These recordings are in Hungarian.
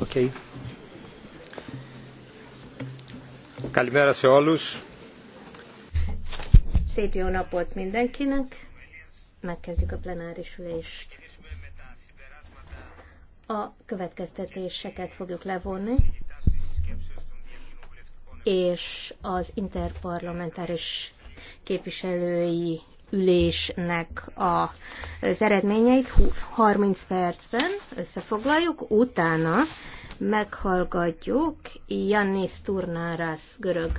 Okay. Καλημέρα σε όλους. Szép jó napot mindenkinek. Megkezdjük a plenáris ülést. A következtetéseket fogjuk levonni, és az interparlamentáris képviselői ülésnek a, az eredményeit 30 percben összefoglaljuk, utána meghallgatjuk Jannis Turnáras görög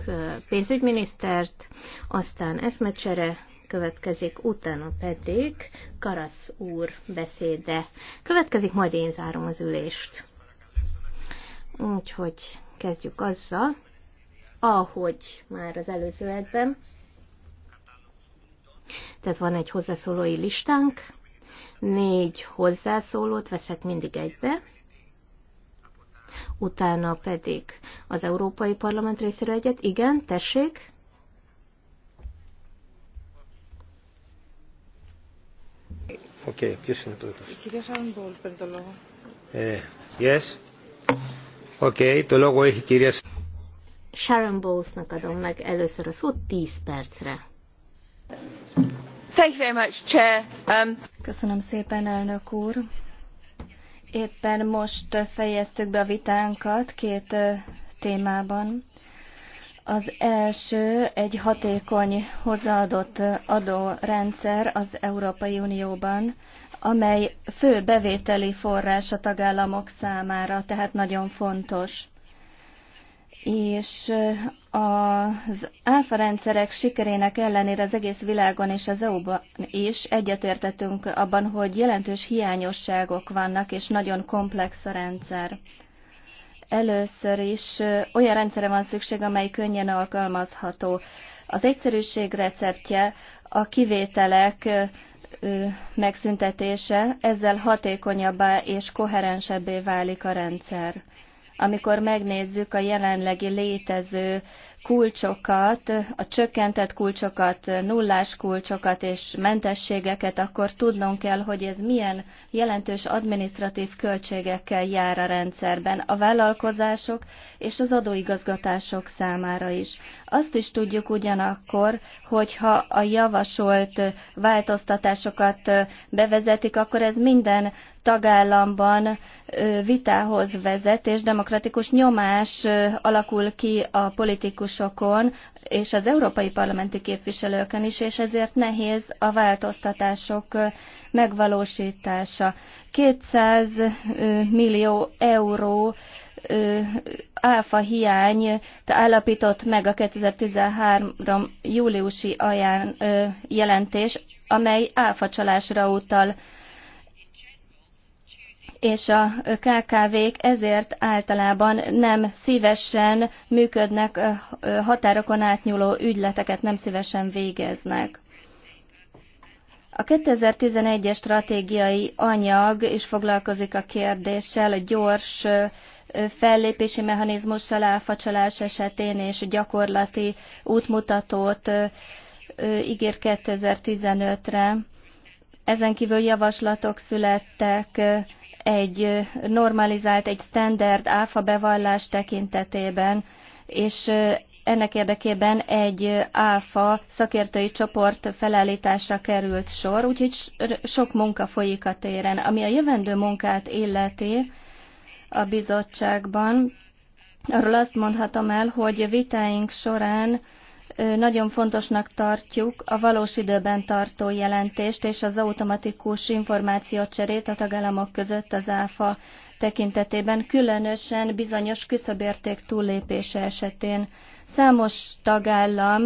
pénzügyminisztert, aztán eszmecsere következik, utána pedig Karasz úr beszéde következik, majd én zárom az ülést. Úgyhogy kezdjük azzal, ahogy már az előző edben, tehát van egy hozzászólói listánk, négy hozzászólót veszek mindig egybe, utána pedig az Európai Parlament részéről egyet. Igen, tessék. Oké, okay, köszönöm. Eh, yes. Oké, okay, το λόγο έχει κυρία Sharon Bowlesnak adom meg először a szót 10 percre. Um, Köszönöm szépen, elnök úr. Éppen most fejeztük be a vitánkat két témában. Az első egy hatékony hozzáadott adórendszer az Európai Unióban, amely fő bevételi forrás a tagállamok számára, tehát nagyon fontos és az áfa rendszerek sikerének ellenére az egész világon és az EU-ban is egyetértetünk abban, hogy jelentős hiányosságok vannak, és nagyon komplex a rendszer. Először is olyan rendszerre van szükség, amely könnyen alkalmazható. Az egyszerűség receptje a kivételek megszüntetése, ezzel hatékonyabbá és koherensebbé válik a rendszer amikor megnézzük a jelenlegi létező kulcsokat, a csökkentett kulcsokat, nullás kulcsokat és mentességeket, akkor tudnunk kell, hogy ez milyen jelentős adminisztratív költségekkel jár a rendszerben, a vállalkozások és az adóigazgatások számára is. Azt is tudjuk ugyanakkor, hogyha a javasolt változtatásokat bevezetik, akkor ez minden tagállamban vitához vezet, és demokratikus nyomás alakul ki a politikusokon és az európai parlamenti képviselőkön is, és ezért nehéz a változtatások megvalósítása. 200 millió euró áfa hiány állapított meg a 2013 júliusi aján, jelentés, amely áfacsalásra utal és a KKV-k ezért általában nem szívesen működnek, határokon átnyúló ügyleteket nem szívesen végeznek. A 2011-es stratégiai anyag is foglalkozik a kérdéssel, a gyors fellépési mechanizmussal áfacsalás esetén és gyakorlati útmutatót ígér 2015-re. Ezen kívül javaslatok születtek egy normalizált, egy standard áfa bevallás tekintetében, és ennek érdekében egy áfa szakértői csoport felállítása került sor, úgyhogy sok munka folyik a téren. Ami a jövendő munkát illeti a bizottságban, arról azt mondhatom el, hogy vitáink során nagyon fontosnak tartjuk a valós időben tartó jelentést és az automatikus információcserét a tagállamok között az ÁFA tekintetében, különösen bizonyos küszöbérték túllépése esetén. Számos tagállam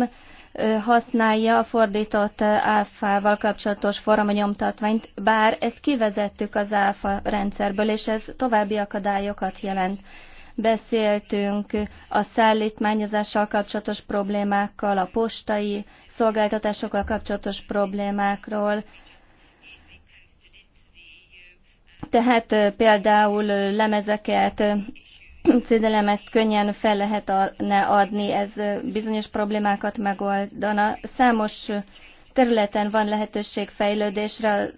használja a fordított áfával kapcsolatos formanyomtatványt, bár ezt kivezettük az áfa rendszerből, és ez további akadályokat jelent beszéltünk a szállítmányozással kapcsolatos problémákkal, a postai szolgáltatásokkal kapcsolatos problémákról, tehát például lemezeket, cédelemezt könnyen fel lehetne adni, ez bizonyos problémákat megoldana. Számos területen van lehetőség fejlődésre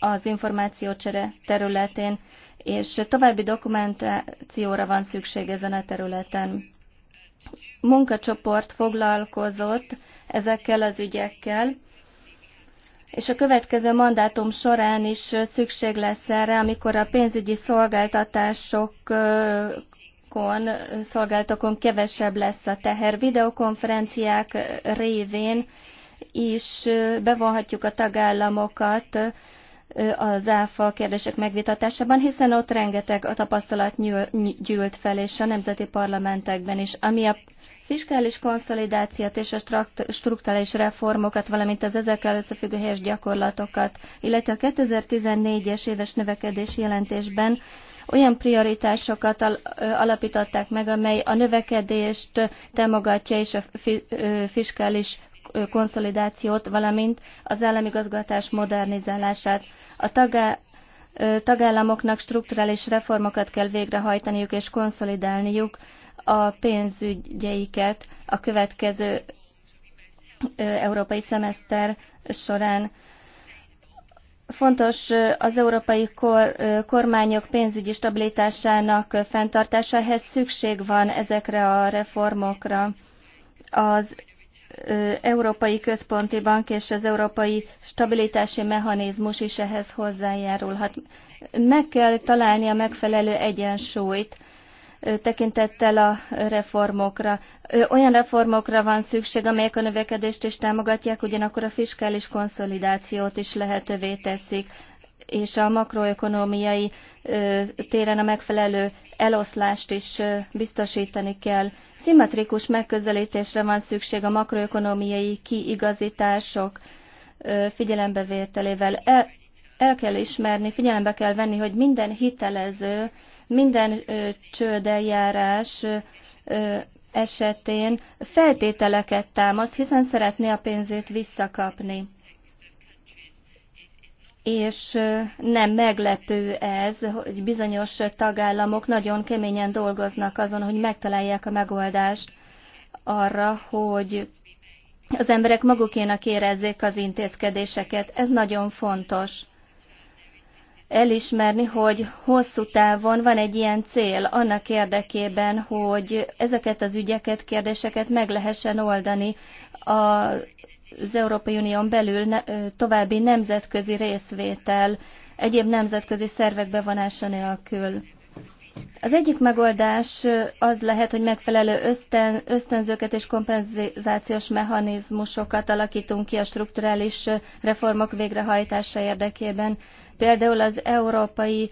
az információcsere területén és további dokumentációra van szükség ezen a területen. Munkacsoport foglalkozott ezekkel az ügyekkel, és a következő mandátum során is szükség lesz erre, amikor a pénzügyi szolgáltatásokon, szolgáltakon kevesebb lesz a teher. Videokonferenciák révén is bevonhatjuk a tagállamokat az áfa kérdések megvitatásában, hiszen ott rengeteg a tapasztalat gyűlt fel, és a nemzeti parlamentekben is, ami a fiskális konszolidációt és a strukturális reformokat, valamint az ezekkel összefüggő helyes gyakorlatokat, illetve a 2014-es éves növekedési jelentésben olyan prioritásokat alapították meg, amely a növekedést támogatja és a fiskális konszolidációt, valamint az államigazgatás modernizálását. A tagá tagállamoknak strukturális reformokat kell végrehajtaniuk és konszolidálniuk a pénzügyeiket a következő európai szemeszter során. Fontos az európai kor, kormányok pénzügyi stabilitásának fenntartásához szükség van ezekre a reformokra. Az Európai Központi Bank és az Európai Stabilitási Mechanizmus is ehhez hozzájárulhat. Meg kell találni a megfelelő egyensúlyt tekintettel a reformokra. Olyan reformokra van szükség, amelyek a növekedést is támogatják, ugyanakkor a fiskális konszolidációt is lehetővé teszik és a makroekonomiai téren a megfelelő eloszlást is biztosítani kell. Szimmetrikus megközelítésre van szükség a makroekonomiai kiigazítások figyelembevételével. El, el kell ismerni, figyelembe kell venni, hogy minden hitelező, minden csődeljárás esetén feltételeket támaszt, hiszen szeretné a pénzét visszakapni és nem meglepő ez, hogy bizonyos tagállamok nagyon keményen dolgoznak azon, hogy megtalálják a megoldást arra, hogy az emberek magukénak érezzék az intézkedéseket. Ez nagyon fontos. Elismerni, hogy hosszú távon van egy ilyen cél annak érdekében, hogy ezeket az ügyeket, kérdéseket meg lehessen oldani a az Európai Unión belül ne, további nemzetközi részvétel, egyéb nemzetközi szervek bevonása nélkül. Az egyik megoldás az lehet, hogy megfelelő ösztön, ösztönzőket és kompenzációs mechanizmusokat alakítunk ki a strukturális reformok végrehajtása érdekében. Például az európai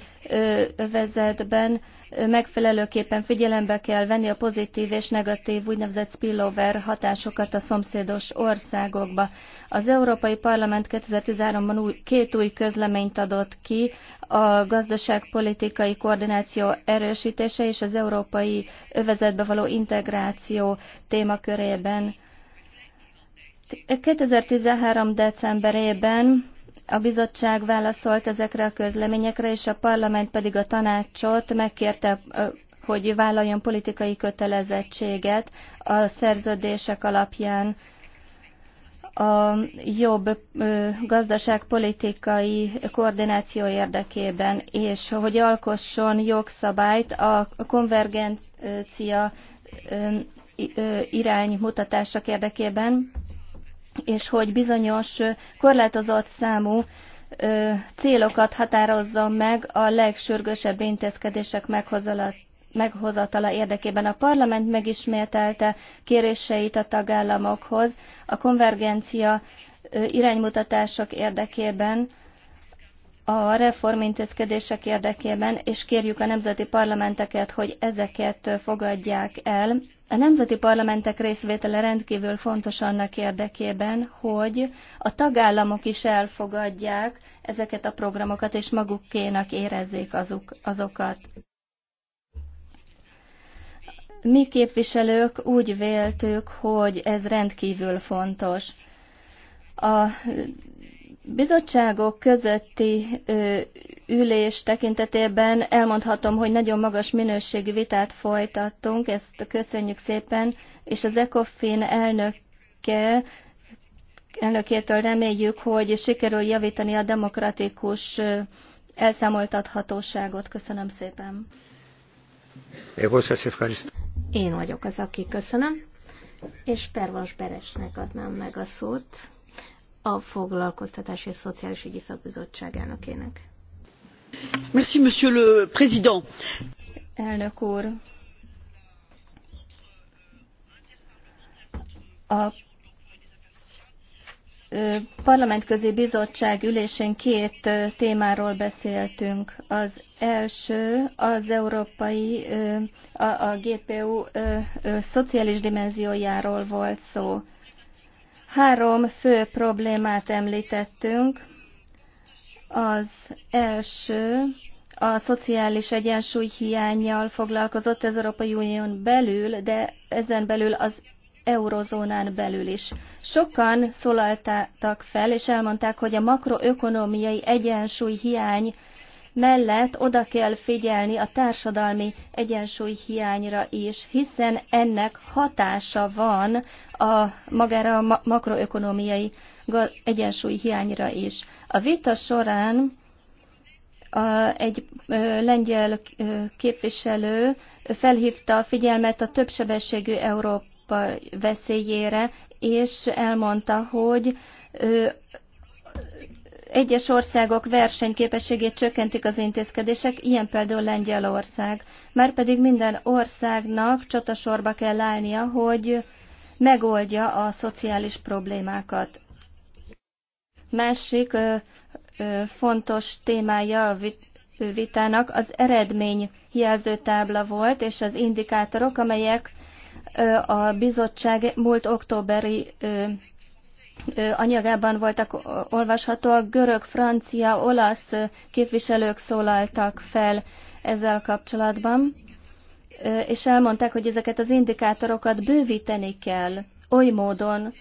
övezetben megfelelőképpen figyelembe kell venni a pozitív és negatív úgynevezett spillover hatásokat a szomszédos országokba. Az Európai Parlament 2013-ban új, két új közleményt adott ki, a gazdaságpolitikai koordináció erősítése és az európai övezetbe való integráció témakörében. 2013. decemberében a bizottság válaszolt ezekre a közleményekre, és a parlament pedig a tanácsot megkérte, hogy vállaljon politikai kötelezettséget a szerződések alapján a jobb gazdaságpolitikai koordináció érdekében, és hogy alkosson jogszabályt a konvergencia iránymutatások érdekében, és hogy bizonyos korlátozott számú célokat határozza meg a legsürgősebb intézkedések meghozatala érdekében. A parlament megismételte kéréseit a tagállamokhoz a konvergencia iránymutatások érdekében, a reformintézkedések érdekében, és kérjük a nemzeti parlamenteket, hogy ezeket fogadják el. A nemzeti parlamentek részvétele rendkívül fontos annak érdekében, hogy a tagállamok is elfogadják ezeket a programokat, és magukénak érezzék azok, azokat. Mi képviselők úgy véltük, hogy ez rendkívül fontos. A bizottságok közötti ülés tekintetében elmondhatom, hogy nagyon magas minőségű vitát folytattunk, ezt köszönjük szépen, és az ECOFIN elnöke elnökétől reméljük, hogy sikerül javítani a demokratikus elszámoltathatóságot. Köszönöm szépen. Én vagyok az, aki köszönöm, és Pervas Beresnek adnám meg a szót a Foglalkoztatási és Szociális Ügyi Szakbizottságának ének. Merci, monsieur le président. Elnök úr, a parlamentközi bizottság ülésén két témáról beszéltünk. Az első az európai, a, a GPU szociális dimenziójáról volt szó. Három fő problémát említettünk. Az első a szociális egyensúly hiányjal foglalkozott az Európai Unión belül, de ezen belül az eurozónán belül is. Sokan szólaltak fel, és elmondták, hogy a makroökonomiai egyensúly hiány mellett oda kell figyelni a társadalmi egyensúly hiányra is, hiszen ennek hatása van a magára a makroökonomiai egyensúly hiányra is. A vita során a, egy ö, lengyel ö, képviselő felhívta a figyelmet a többsebességű Európa veszélyére, és elmondta, hogy ö, egyes országok versenyképességét csökkentik az intézkedések, ilyen például Lengyelország. Márpedig minden országnak csatasorba kell állnia, hogy megoldja a szociális problémákat. Másik ö, ö, fontos témája a vitának az eredmény jelzőtábla volt, és az indikátorok, amelyek ö, a bizottság múlt októberi ö, anyagában voltak olvashatóak, görög, francia, olasz képviselők szólaltak fel ezzel kapcsolatban, és elmondták, hogy ezeket az indikátorokat bővíteni kell oly módon,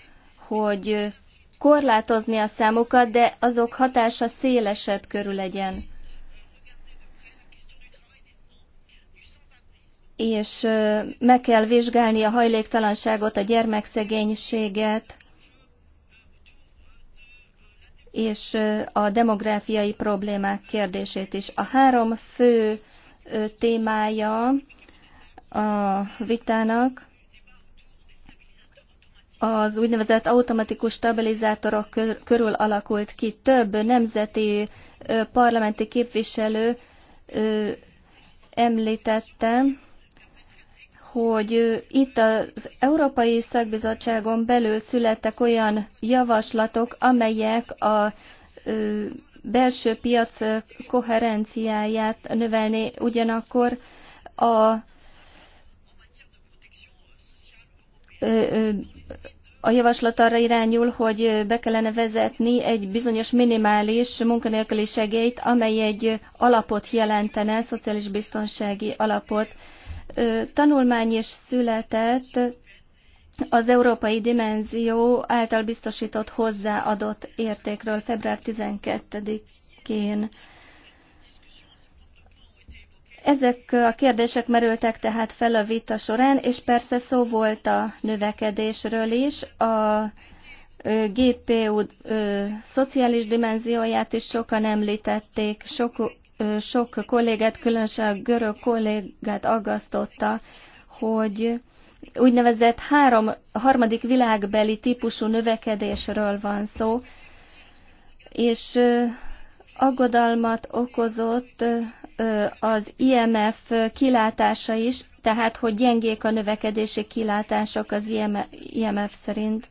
hogy korlátozni a számukat, de azok hatása szélesebb körül legyen. És meg kell vizsgálni a hajléktalanságot, a gyermekszegénységet, és a demográfiai problémák kérdését is. A három fő témája a vitának az úgynevezett automatikus stabilizátorok körül alakult ki. Több nemzeti parlamenti képviselő említette, hogy itt az Európai Szakbizottságon belül születtek olyan javaslatok, amelyek a belső piac koherenciáját növelni, ugyanakkor a, a javaslat arra irányul, hogy be kellene vezetni egy bizonyos minimális munkanélküli segélyt, amely egy alapot jelentene, szociális biztonsági alapot tanulmány is született az európai dimenzió által biztosított hozzáadott értékről február 12-én. Ezek a kérdések merültek tehát fel a vita során, és persze szó volt a növekedésről is, a GPU ö, szociális dimenzióját is sokan említették, sok sok kollégát, különösen a görög kollégát aggasztotta, hogy úgynevezett három, harmadik világbeli típusú növekedésről van szó, és aggodalmat okozott az IMF kilátása is, tehát hogy gyengék a növekedési kilátások az IMF e, szerint.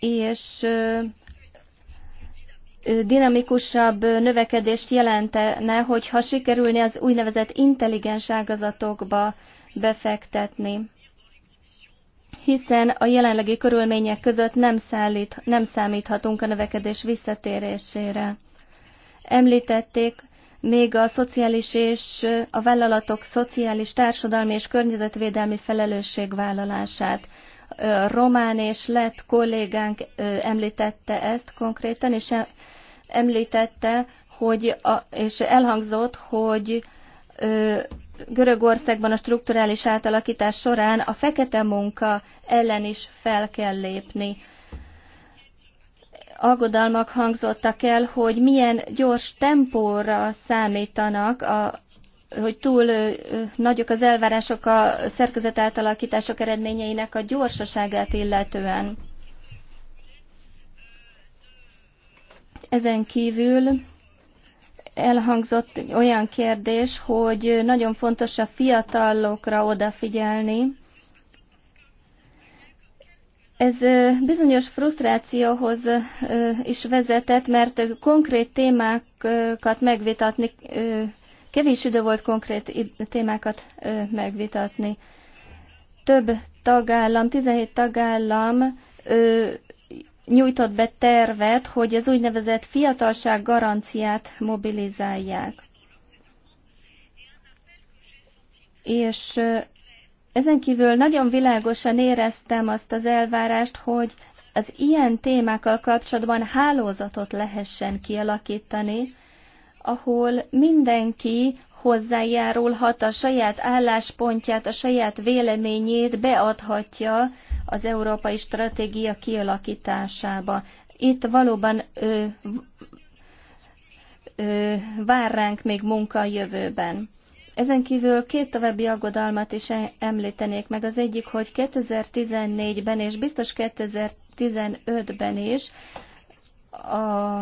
És dinamikusabb növekedést jelentene, hogyha sikerülne az úgynevezett intelligens ágazatokba befektetni hiszen a jelenlegi körülmények között nem, szállít, nem számíthatunk a növekedés visszatérésére. Említették még a szociális és a vállalatok szociális, társadalmi és környezetvédelmi felelősségvállalását román és lett kollégánk említette ezt konkrétan, és említette, hogy a, és elhangzott, hogy Görögországban a strukturális átalakítás során a fekete munka ellen is fel kell lépni. Aggodalmak hangzottak el, hogy milyen gyors tempóra számítanak a hogy túl nagyok az elvárások a szerkezet átalakítások eredményeinek a gyorsaságát illetően. Ezen kívül elhangzott olyan kérdés, hogy nagyon fontos a fiatalokra odafigyelni. Ez bizonyos frusztrációhoz is vezetett, mert konkrét témákat megvitatni Kevés idő volt konkrét témákat megvitatni. Több tagállam, 17 tagállam nyújtott be tervet, hogy az úgynevezett fiatalság garanciát mobilizálják. És ezen kívül nagyon világosan éreztem azt az elvárást, hogy az ilyen témákkal kapcsolatban hálózatot lehessen kialakítani, ahol mindenki hozzájárulhat a saját álláspontját, a saját véleményét beadhatja az európai stratégia kialakításába. Itt valóban ö, ö, vár ránk még munka a jövőben. Ezen kívül két további aggodalmat is említenék meg. Az egyik, hogy 2014-ben és biztos 2015-ben is a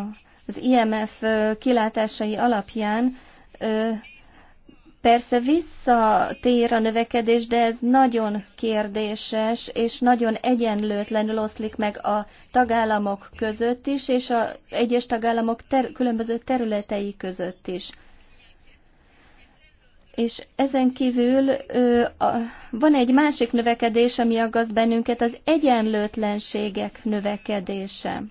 az IMF kilátásai alapján persze visszatér a növekedés, de ez nagyon kérdéses, és nagyon egyenlőtlenül oszlik meg a tagállamok között is, és a egyes tagállamok ter különböző területei között is. És ezen kívül ö, a, van egy másik növekedés, ami aggaszt bennünket, az egyenlőtlenségek növekedése.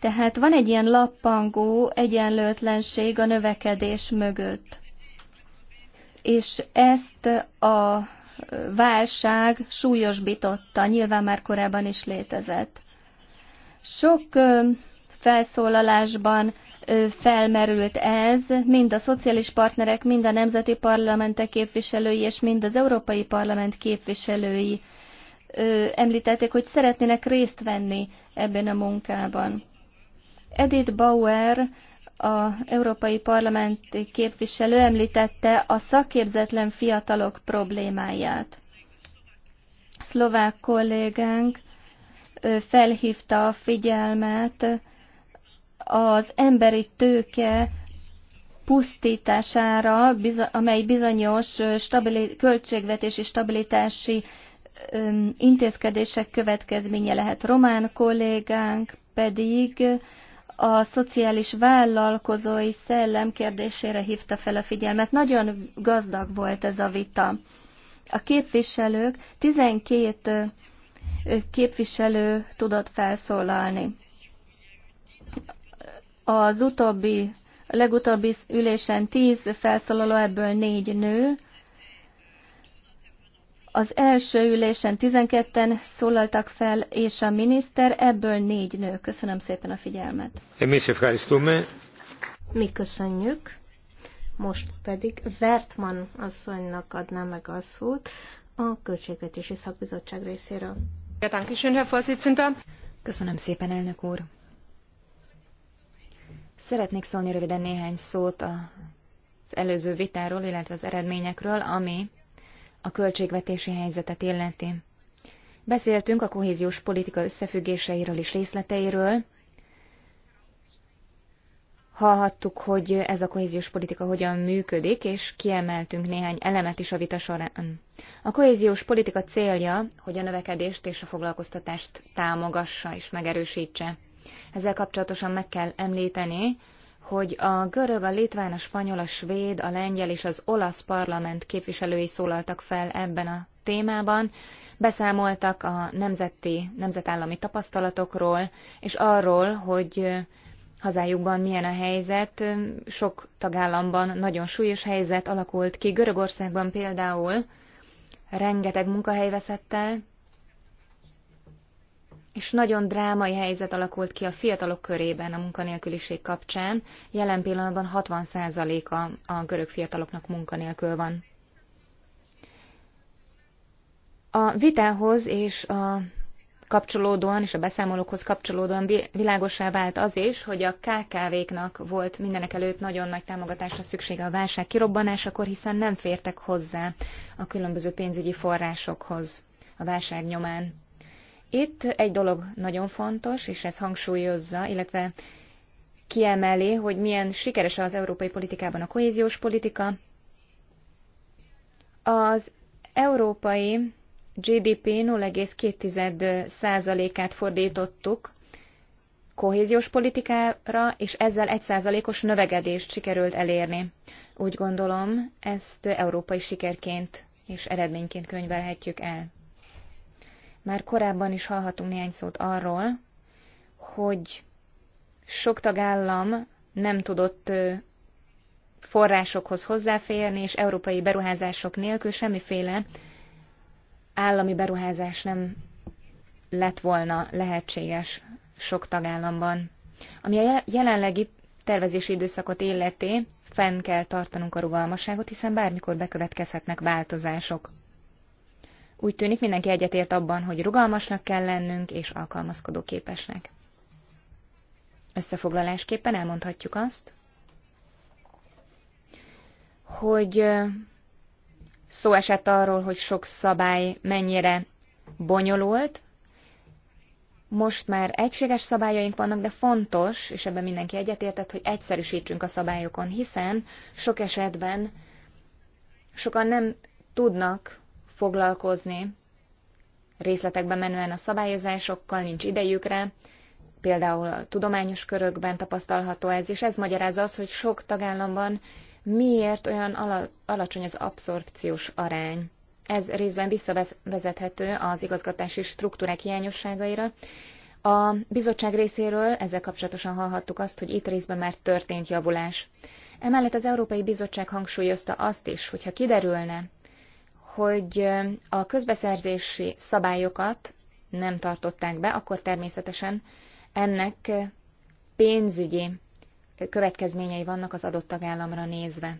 Tehát van egy ilyen lappangó egyenlőtlenség a növekedés mögött. És ezt a válság súlyosbította, nyilván már korábban is létezett. Sok felszólalásban felmerült ez, mind a szociális partnerek, mind a nemzeti parlamentek képviselői, és mind az Európai Parlament képviselői említették, hogy szeretnének részt venni ebben a munkában. Edith Bauer, a Európai Parlamenti képviselő említette a szakképzetlen fiatalok problémáját. Szlovák kollégánk felhívta a figyelmet az emberi tőke pusztítására, amely bizonyos stabili- költségvetési stabilitási intézkedések következménye lehet. Román kollégánk pedig a szociális vállalkozói szellem kérdésére hívta fel a figyelmet. Nagyon gazdag volt ez a vita. A képviselők, 12 képviselő tudott felszólalni. Az utóbbi, a legutóbbi ülésen 10 felszólaló, ebből 4 nő, az első ülésen 12-en szólaltak fel, és a miniszter, ebből négy nő. Köszönöm szépen a figyelmet. Mi köszönjük. Most pedig Vertman asszonynak adná meg a szót a Költségvetési Szakbizottság részéről. Köszönöm szépen, elnök úr. Szeretnék szólni röviden néhány szót az előző vitáról, illetve az eredményekről, ami a költségvetési helyzetet illeti. Beszéltünk a kohéziós politika összefüggéseiről és részleteiről. Hallhattuk, hogy ez a kohéziós politika hogyan működik, és kiemeltünk néhány elemet is a vita során. A kohéziós politika célja, hogy a növekedést és a foglalkoztatást támogassa és megerősítse. Ezzel kapcsolatosan meg kell említeni, hogy a görög, a litván, a spanyol, a svéd, a lengyel és az olasz parlament képviselői szólaltak fel ebben a témában, beszámoltak a nemzeti, nemzetállami tapasztalatokról, és arról, hogy hazájukban milyen a helyzet. Sok tagállamban nagyon súlyos helyzet alakult ki. Görögországban például rengeteg munkahely veszett el, és nagyon drámai helyzet alakult ki a fiatalok körében a munkanélküliség kapcsán. Jelen pillanatban 60%-a a görög fiataloknak munkanélkül van. A vitához és a kapcsolódóan és a beszámolókhoz kapcsolódóan világosá vált az is, hogy a KKV-knak volt mindenek előtt nagyon nagy támogatásra szüksége a válság kirobbanásakor, hiszen nem fértek hozzá a különböző pénzügyi forrásokhoz a válság nyomán. Itt egy dolog nagyon fontos, és ez hangsúlyozza, illetve kiemeli, hogy milyen sikeres az európai politikában a kohéziós politika. Az európai GDP 0,2%-át fordítottuk kohéziós politikára, és ezzel 1%-os növekedést sikerült elérni. Úgy gondolom, ezt európai sikerként és eredményként könyvelhetjük el. Már korábban is hallhatunk néhány szót arról, hogy sok tagállam nem tudott forrásokhoz hozzáférni, és európai beruházások nélkül semmiféle állami beruházás nem lett volna lehetséges sok tagállamban. Ami a jelenlegi tervezési időszakot illeti, fenn kell tartanunk a rugalmasságot, hiszen bármikor bekövetkezhetnek változások. Úgy tűnik mindenki egyetért abban, hogy rugalmasnak kell lennünk és alkalmazkodó képesnek. Összefoglalásképpen elmondhatjuk azt, hogy szó esett arról, hogy sok szabály mennyire bonyolult. Most már egységes szabályaink vannak, de fontos, és ebben mindenki egyetértett, hogy egyszerűsítsünk a szabályokon, hiszen sok esetben sokan nem tudnak foglalkozni részletekben menően a szabályozásokkal, nincs idejük rá, például a tudományos körökben tapasztalható ez, és ez magyarázza az, hogy sok tagállamban miért olyan alacsony az abszorpciós arány. Ez részben visszavezethető az igazgatási struktúrák hiányosságaira. A bizottság részéről ezzel kapcsolatosan hallhattuk azt, hogy itt részben már történt javulás. Emellett az Európai Bizottság hangsúlyozta azt is, hogyha kiderülne, hogy a közbeszerzési szabályokat nem tartották be, akkor természetesen ennek pénzügyi következményei vannak az adott tagállamra nézve.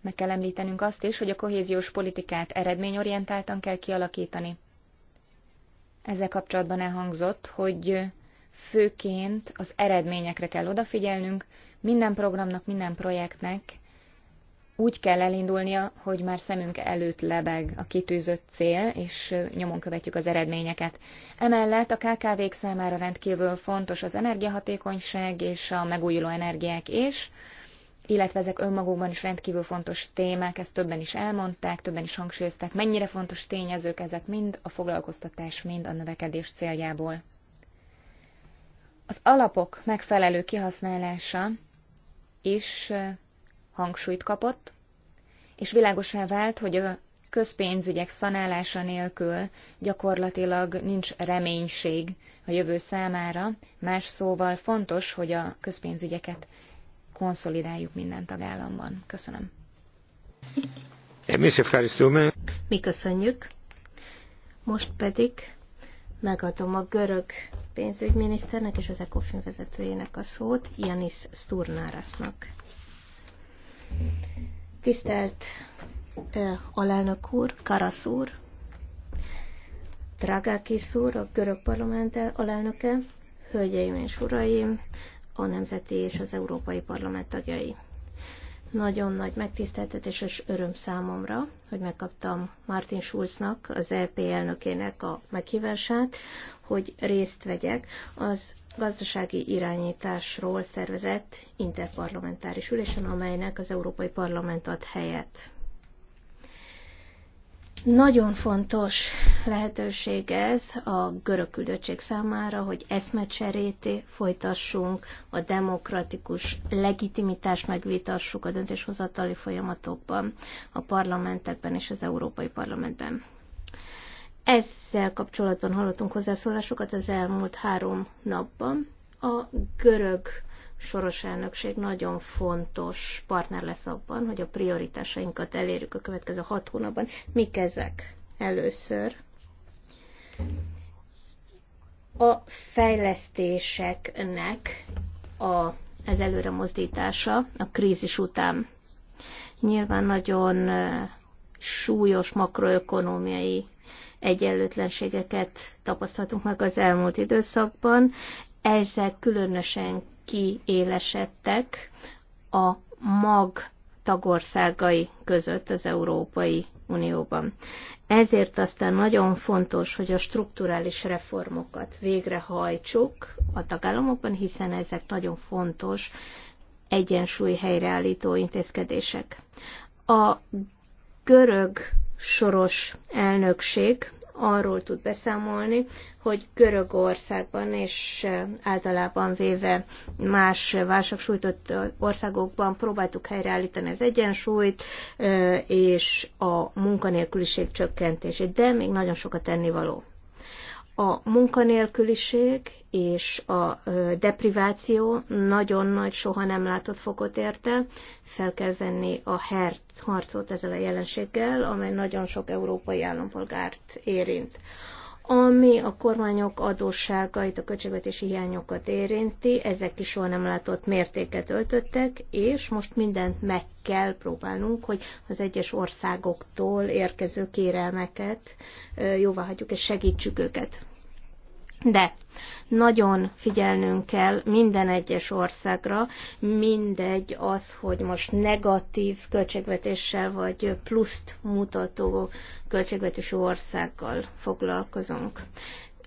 Meg kell említenünk azt is, hogy a kohéziós politikát eredményorientáltan kell kialakítani. Ezzel kapcsolatban elhangzott, hogy főként az eredményekre kell odafigyelnünk, minden programnak, minden projektnek úgy kell elindulnia, hogy már szemünk előtt lebeg a kitűzött cél, és nyomon követjük az eredményeket. Emellett a KKV-k számára rendkívül fontos az energiahatékonyság és a megújuló energiák is, illetve ezek önmagukban is rendkívül fontos témák, ezt többen is elmondták, többen is hangsúlyozták, mennyire fontos tényezők ezek mind a foglalkoztatás, mind a növekedés céljából. Az alapok megfelelő kihasználása is hangsúlyt kapott, és világosá vált, hogy a közpénzügyek szanálása nélkül gyakorlatilag nincs reménység a jövő számára, más szóval fontos, hogy a közpénzügyeket konszolidáljuk minden tagállamban. Köszönöm. Eh, Mi köszönjük. Most pedig megadom a görög pénzügyminiszternek és az ECOFIN vezetőjének a szót, Janis Sturnárasnak. Tisztelt eh, alelnök úr, Karasz úr, Dragákis úr, a görög parlament alelnöke, hölgyeim és uraim, a nemzeti és az európai parlament tagjai. Nagyon nagy megtiszteltetés és öröm számomra, hogy megkaptam Martin Schulznak, az EP elnökének a meghívását, hogy részt vegyek az gazdasági irányításról szervezett interparlamentáris ülésen, amelynek az Európai Parlament ad helyet. Nagyon fontos lehetőség ez a görög küldöttség számára, hogy eszmecserét folytassunk, a demokratikus legitimitást megvitassuk a döntéshozatali folyamatokban, a parlamentekben és az Európai Parlamentben. Ezzel kapcsolatban hallottunk hozzászólásokat az elmúlt három napban. A görög soros elnökség nagyon fontos partner lesz abban, hogy a prioritásainkat elérjük a következő hat hónapban. Mik ezek? Először a fejlesztéseknek a, az előre mozdítása a krízis után. Nyilván nagyon súlyos makroökonomiai egyenlőtlenségeket tapasztaltunk meg az elmúlt időszakban. Ezek különösen kiélesedtek a mag tagországai között az Európai Unióban. Ezért aztán nagyon fontos, hogy a strukturális reformokat végrehajtsuk a tagállamokban, hiszen ezek nagyon fontos egyensúly helyreállító intézkedések. A görög soros elnökség arról tud beszámolni, hogy Görögországban és általában véve más válságsújtott országokban próbáltuk helyreállítani az egyensúlyt és a munkanélküliség csökkentését, de még nagyon sokat tennivaló a munkanélküliség és a depriváció nagyon nagy, soha nem látott fokot érte. Fel kell venni a hert harcot ezzel a jelenséggel, amely nagyon sok európai állampolgárt érint. Ami a kormányok adósságait, a költségvetési hiányokat érinti, ezek is soha nem látott mértéket öltöttek, és most mindent meg kell próbálnunk, hogy az egyes országoktól érkező kérelmeket jóvá hagyjuk, és segítsük őket. De nagyon figyelnünk kell minden egyes országra, mindegy az, hogy most negatív költségvetéssel vagy pluszt mutató költségvetésű országgal foglalkozunk.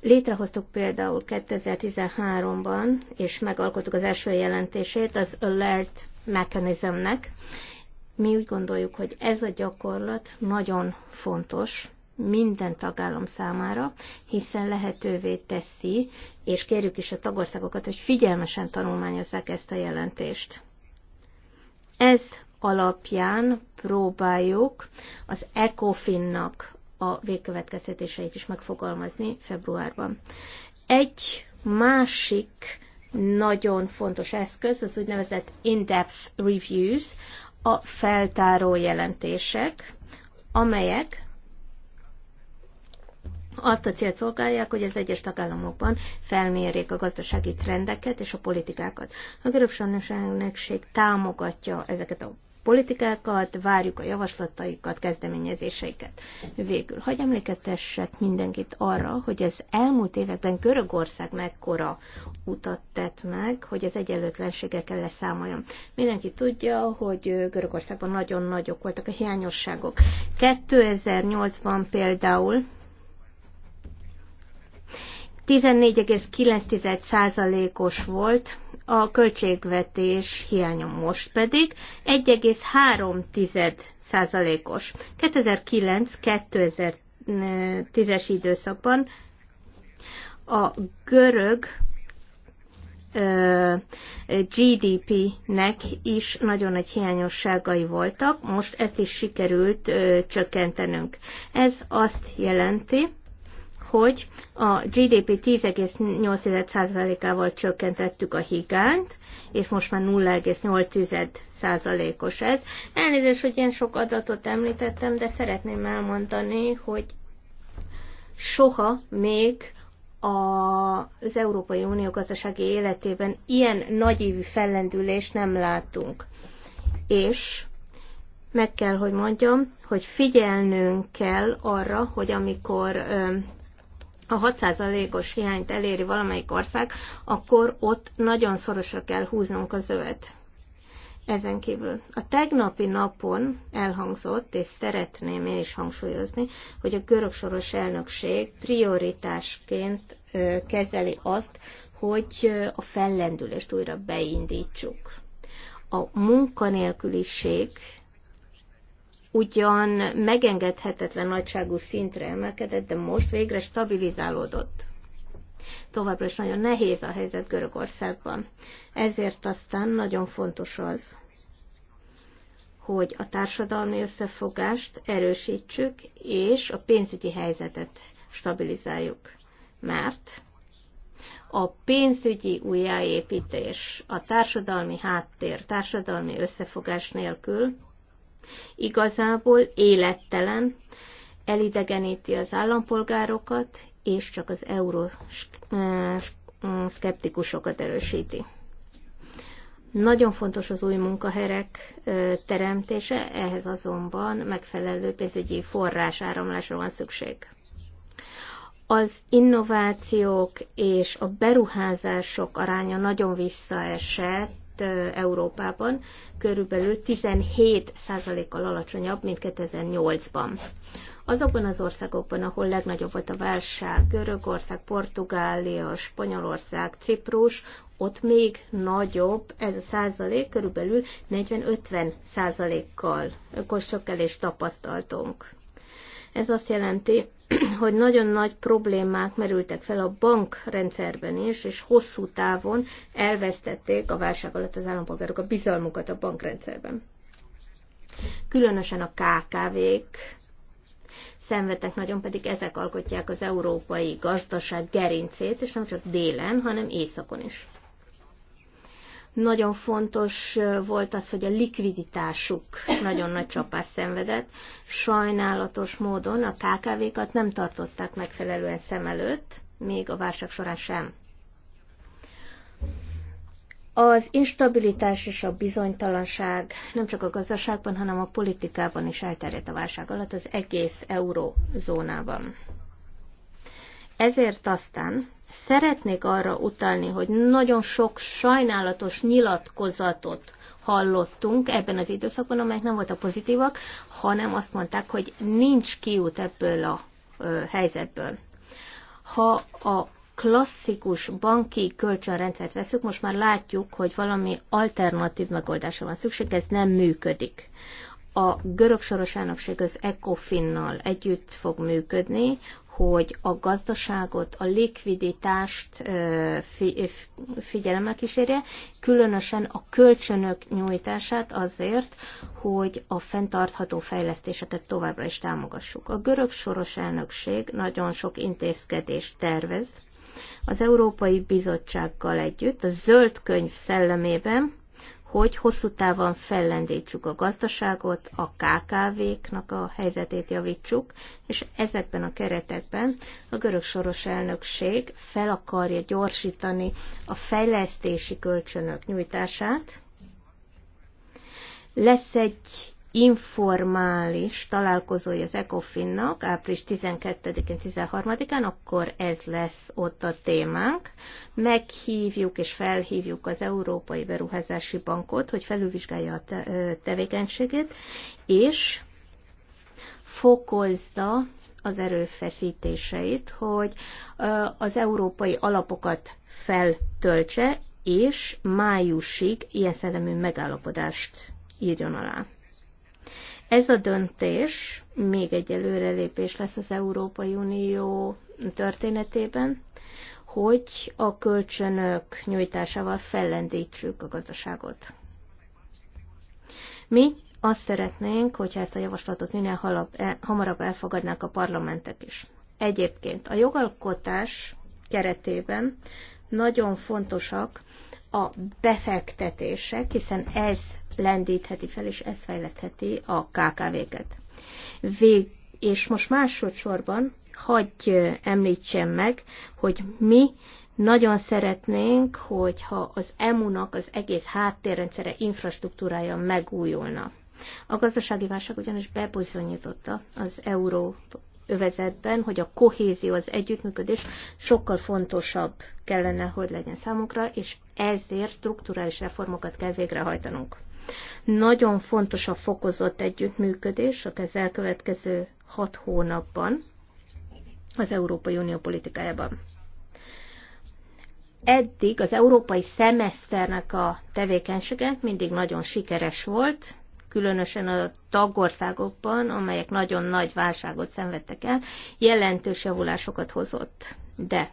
Létrehoztuk például 2013-ban, és megalkottuk az első jelentését az Alert Mechanismnek. Mi úgy gondoljuk, hogy ez a gyakorlat nagyon fontos, minden tagállam számára, hiszen lehetővé teszi, és kérjük is a tagországokat, hogy figyelmesen tanulmányozzák ezt a jelentést. Ez alapján próbáljuk az ECOFIN-nak a végkövetkeztetéseit is megfogalmazni februárban. Egy másik nagyon fontos eszköz az úgynevezett in-depth reviews, a feltáró jelentések, amelyek azt a célt szolgálják, hogy az egyes tagállamokban felmérjék a gazdasági trendeket és a politikákat. A görög sajnosságnökség támogatja ezeket a politikákat, várjuk a javaslataikat, kezdeményezéseiket. Végül, hogy emlékeztessek mindenkit arra, hogy az elmúlt években Görögország mekkora utat tett meg, hogy az egyenlőtlenségekkel leszámoljon. Mindenki tudja, hogy Görögországban nagyon nagyok voltak a hiányosságok. 2008-ban például 14,9%-os volt a költségvetés hiánya most pedig 1,3%-os. 2009-2010-es időszakban a görög GDP-nek is nagyon nagy hiányosságai voltak, most ezt is sikerült csökkentenünk. Ez azt jelenti, hogy a GDP 10,8%-ával csökkentettük a higányt, és most már 0,8%-os ez. Elnézést, hogy ilyen sok adatot említettem, de szeretném elmondani, hogy soha még az Európai Unió gazdasági életében ilyen nagyívű fellendülést nem látunk. És meg kell, hogy mondjam, hogy figyelnünk kell arra, hogy amikor a 6%-os hiányt eléri valamelyik ország, akkor ott nagyon szorosra kell húznunk az övet. Ezen kívül a tegnapi napon elhangzott, és szeretném én is hangsúlyozni, hogy a görög soros elnökség prioritásként kezeli azt, hogy a fellendülést újra beindítsuk. A munkanélküliség ugyan megengedhetetlen nagyságú szintre emelkedett, de most végre stabilizálódott. Továbbra is nagyon nehéz a helyzet Görögországban. Ezért aztán nagyon fontos az, hogy a társadalmi összefogást erősítsük, és a pénzügyi helyzetet stabilizáljuk. Mert a pénzügyi újjáépítés, a társadalmi háttér, társadalmi összefogás nélkül Igazából élettelen, elidegeníti az állampolgárokat, és csak az euroszkeptikusokat eh, eh, erősíti. Nagyon fontos az új munkahelyek eh, teremtése, ehhez azonban megfelelő pénzügyi forrás áramlásra van szükség. Az innovációk és a beruházások aránya nagyon visszaesett itt Európában körülbelül 17%-kal alacsonyabb, mint 2008-ban. Azokban az országokban, ahol legnagyobb volt a válság, Görögország, Portugália, Spanyolország, Ciprus, ott még nagyobb ez a százalék, körülbelül 40-50 százalékkal csökkenést tapasztaltunk. Ez azt jelenti, hogy nagyon nagy problémák merültek fel a bankrendszerben is, és hosszú távon elvesztették a válság alatt az állampolgárok a bizalmukat a bankrendszerben. Különösen a KKV-k szenvedtek nagyon, pedig ezek alkotják az európai gazdaság gerincét, és nem csak délen, hanem északon is. Nagyon fontos volt az, hogy a likviditásuk nagyon nagy csapás szenvedett. Sajnálatos módon a KKV-kat nem tartották megfelelően szem előtt, még a válság során sem. Az instabilitás és a bizonytalanság nem csak a gazdaságban, hanem a politikában is elterjedt a válság alatt az egész eurózónában. Ezért aztán szeretnék arra utalni, hogy nagyon sok sajnálatos nyilatkozatot hallottunk ebben az időszakban, amelyek nem voltak pozitívak, hanem azt mondták, hogy nincs kiút ebből a helyzetből. Ha a klasszikus banki kölcsönrendszert veszük, most már látjuk, hogy valami alternatív megoldásra van szükség, ez nem működik. A görög soros elnökség az ECOFIN-nal együtt fog működni, hogy a gazdaságot, a likviditást figyelembe kísérje, különösen a kölcsönök nyújtását azért, hogy a fenntartható fejlesztéseket továbbra is támogassuk. A görög soros elnökség nagyon sok intézkedést tervez az Európai Bizottsággal együtt, a zöld könyv szellemében, hogy hosszú távon fellendítsük a gazdaságot, a KKV-knak a helyzetét javítsuk, és ezekben a keretekben a görög soros elnökség fel akarja gyorsítani a fejlesztési kölcsönök nyújtását. Lesz egy informális találkozói az ECOFIN-nak április 12-én, 13-án, akkor ez lesz ott a témánk. Meghívjuk és felhívjuk az Európai Beruházási Bankot, hogy felülvizsgálja a tevékenységét, és fokozza az erőfeszítéseit, hogy az európai alapokat feltöltse, és májusig ilyen szellemű megállapodást írjon alá. Ez a döntés még egy előrelépés lesz az Európai Unió történetében, hogy a kölcsönök nyújtásával fellendítsük a gazdaságot. Mi azt szeretnénk, hogyha ezt a javaslatot minél halab, e- hamarabb elfogadnák a parlamentek is. Egyébként a jogalkotás keretében nagyon fontosak a befektetések, hiszen ez lendítheti fel, és ez fejletheti a KKV-ket. Vég, és most másodszorban hagyj említsem meg, hogy mi nagyon szeretnénk, hogyha az EMU-nak az egész háttérrendszere, infrastruktúrája megújulna. A gazdasági válság ugyanis bebizonyította az euró övezetben, hogy a kohézió, az együttműködés sokkal fontosabb kellene, hogy legyen számunkra, és ezért strukturális reformokat kell végrehajtanunk. Nagyon fontos a fokozott együttműködés a elkövetkező hat hónapban az Európai Unió politikájában. Eddig az európai szemeszternek a tevékenysége mindig nagyon sikeres volt, különösen a tagországokban, amelyek nagyon nagy válságot szenvedtek el, jelentős javulásokat hozott. De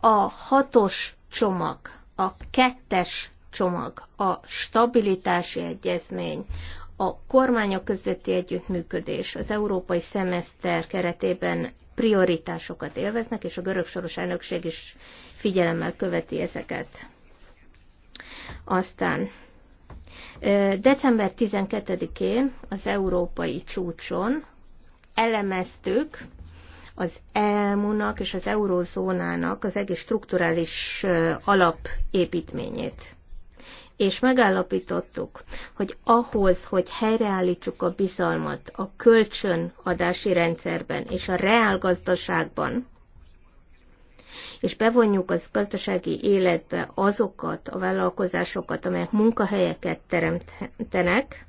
a hatos csomag, a kettes csomag, a stabilitási egyezmény, a kormányok közötti együttműködés az európai szemeszter keretében prioritásokat élveznek, és a görög soros elnökség is figyelemmel követi ezeket. Aztán december 12-én az európai csúcson elemeztük az EMU-nak és az eurozónának az egész strukturális alapépítményét és megállapítottuk, hogy ahhoz, hogy helyreállítsuk a bizalmat a kölcsönadási rendszerben és a reálgazdaságban, és bevonjuk az gazdasági életbe azokat a vállalkozásokat, amelyek munkahelyeket teremtenek,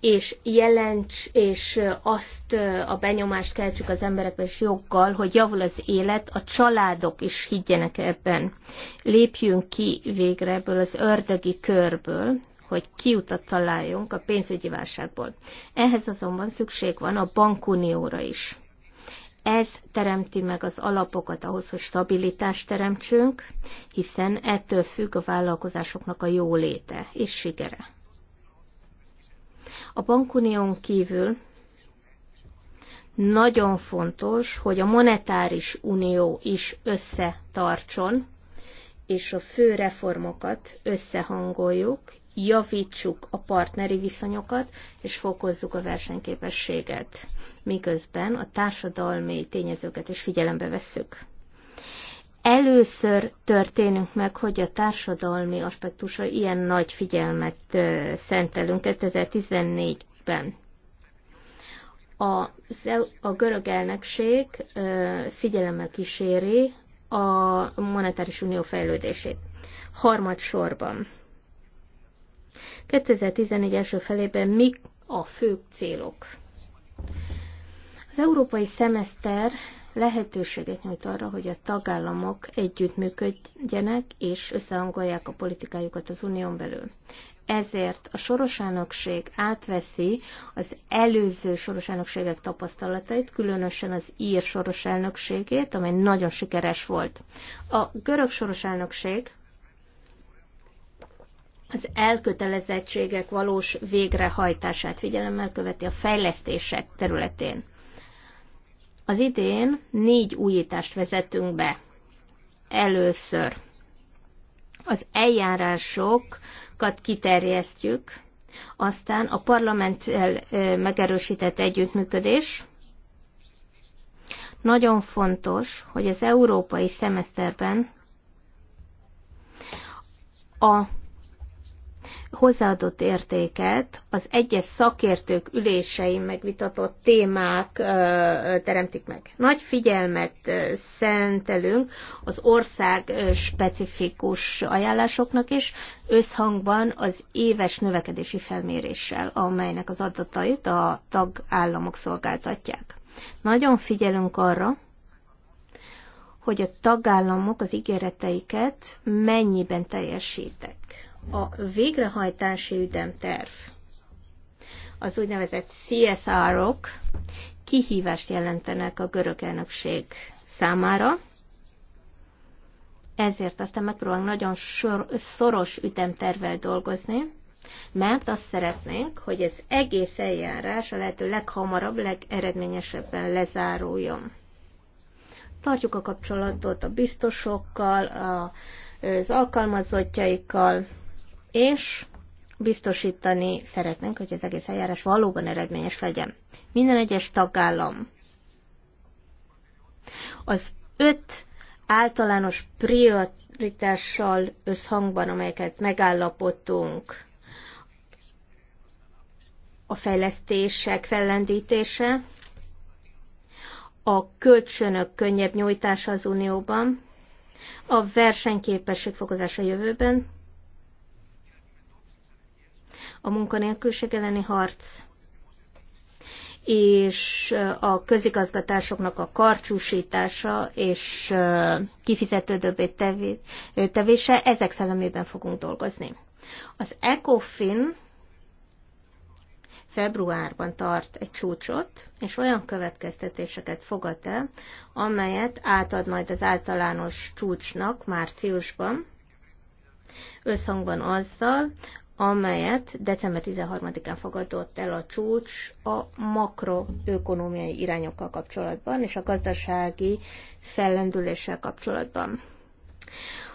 és jelents, és azt a benyomást keltsük az emberekbe és joggal, hogy javul az élet, a családok is higgyenek ebben. Lépjünk ki végre ebből az ördögi körből, hogy kiutat találjunk a pénzügyi válságból. Ehhez azonban szükség van a bankunióra is. Ez teremti meg az alapokat ahhoz, hogy stabilitást teremtsünk, hiszen ettől függ a vállalkozásoknak a jóléte és sikere. A bankunión kívül nagyon fontos, hogy a monetáris unió is összetartson, és a fő reformokat összehangoljuk, javítsuk a partneri viszonyokat, és fokozzuk a versenyképességet, miközben a társadalmi tényezőket is figyelembe vesszük először történünk meg, hogy a társadalmi aspektusra ilyen nagy figyelmet szentelünk 2014-ben. A, e- a görög elnökség figyelemmel kíséri a monetáris unió fejlődését. Harmad sorban. 2014 első felében mik a fő célok? Az európai szemeszter lehetőséget nyújt arra, hogy a tagállamok együttműködjenek és összehangolják a politikájukat az unión belül. Ezért a soros elnökség átveszi az előző soros elnökségek tapasztalatait, különösen az ír soros elnökségét, amely nagyon sikeres volt. A görög soros elnökség az elkötelezettségek valós végrehajtását figyelemmel követi a fejlesztések területén. Az idén négy újítást vezetünk be. Először az eljárásokat kiterjesztjük, aztán a parlamenttel megerősített együttműködés. Nagyon fontos, hogy az európai szemeszterben a hozzáadott értéket az egyes szakértők ülésein megvitatott témák teremtik meg. Nagy figyelmet szentelünk az ország specifikus ajánlásoknak is, összhangban az éves növekedési felméréssel, amelynek az adatait a tagállamok szolgáltatják. Nagyon figyelünk arra, hogy a tagállamok az ígéreteiket mennyiben teljesítek a végrehajtási ütemterv, az úgynevezett CSR-ok -ok kihívást jelentenek a görög elnökség számára, ezért aztán megpróbálunk nagyon sor, szoros ütemtervel dolgozni, mert azt szeretnénk, hogy ez egész eljárás a lehető leghamarabb, legeredményesebben lezáruljon. Tartjuk a kapcsolatot a biztosokkal, a, az alkalmazottjaikkal, és biztosítani szeretnénk, hogy az egész eljárás valóban eredményes legyen. Minden egyes tagállam az öt általános prioritással összhangban, amelyeket megállapodtunk, a fejlesztések fellendítése, a kölcsönök könnyebb nyújtása az Unióban, a versenyképesség fokozása jövőben, a munkanélküliség elleni harc és a közigazgatásoknak a karcsúsítása és kifizetődőbbé tevése, ezek szellemében fogunk dolgozni. Az ECOFIN februárban tart egy csúcsot, és olyan következtetéseket fogad el, amelyet átad majd az általános csúcsnak márciusban, összhangban azzal, amelyet december 13-án fogadott el a csúcs a makroökonomiai irányokkal kapcsolatban és a gazdasági fellendüléssel kapcsolatban.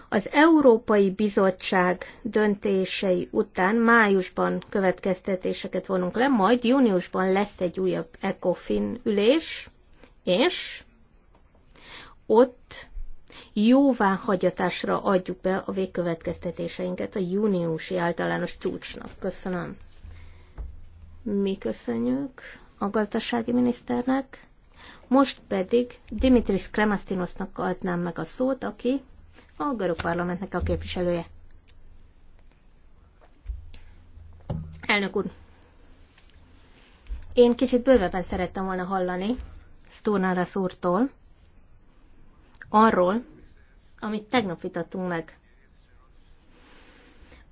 Az Európai Bizottság döntései után májusban következtetéseket vonunk le, majd júniusban lesz egy újabb ECOFIN ülés, és ott jóváhagyatásra adjuk be a végkövetkeztetéseinket a júniusi általános csúcsnak. Köszönöm. Mi köszönjük a gazdasági miniszternek. Most pedig Dimitris Kremastinosnak adnám meg a szót, aki a görög parlamentnek a képviselője. Elnök úr, én kicsit bővebben szerettem volna hallani Sturnára szúrtól arról, amit tegnap vitattunk meg.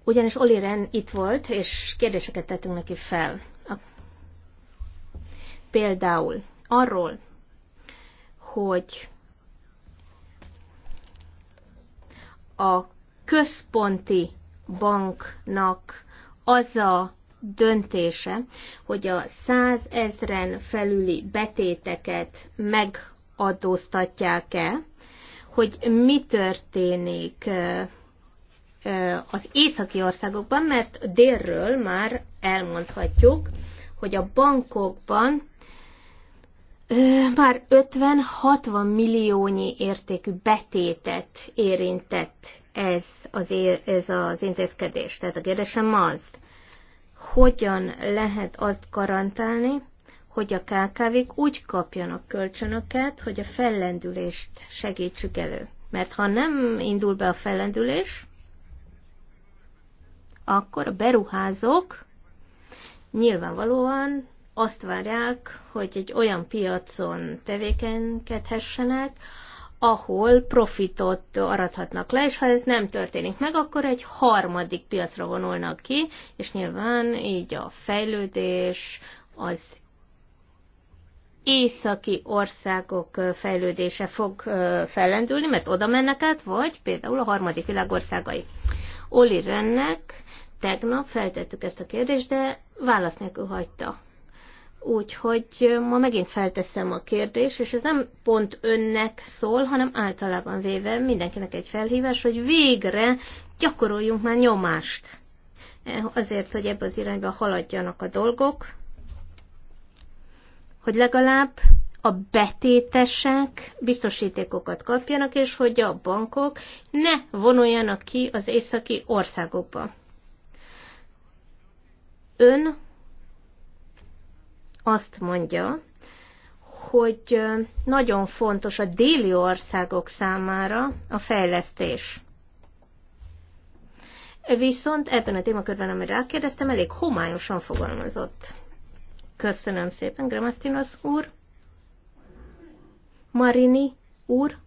Ugyanis Oli Ren itt volt, és kérdéseket tettünk neki fel. A... Például arról, hogy a központi banknak az a döntése, hogy a százezren felüli betéteket megadóztatják-e, hogy mi történik az északi országokban, mert délről már elmondhatjuk, hogy a bankokban már 50-60 milliónyi értékű betétet érintett ez az, ér ez az intézkedés. Tehát a kérdésem az, hogyan lehet azt garantálni, hogy a KKV-k úgy kapjanak kölcsönöket, hogy a fellendülést segítsük elő. Mert ha nem indul be a fellendülés, akkor a beruházók nyilvánvalóan azt várják, hogy egy olyan piacon tevékenykedhessenek, ahol profitot arathatnak le, és ha ez nem történik meg, akkor egy harmadik piacra vonulnak ki, és nyilván így a fejlődés, az északi országok fejlődése fog fellendülni, mert oda mennek át, vagy például a harmadik világországai. Oli Rennek tegnap feltettük ezt a kérdést, de válasz nélkül hagyta. Úgyhogy ma megint felteszem a kérdést, és ez nem pont önnek szól, hanem általában véve mindenkinek egy felhívás, hogy végre gyakoroljunk már nyomást. Azért, hogy ebbe az irányba haladjanak a dolgok, hogy legalább a betétesek biztosítékokat kapjanak, és hogy a bankok ne vonuljanak ki az északi országokba. Ön azt mondja, hogy nagyon fontos a déli országok számára a fejlesztés. Viszont ebben a témakörben, amire rákérdeztem, elég homályosan fogalmazott. Köszönöm szépen, Gramastinos úr. Marini úr.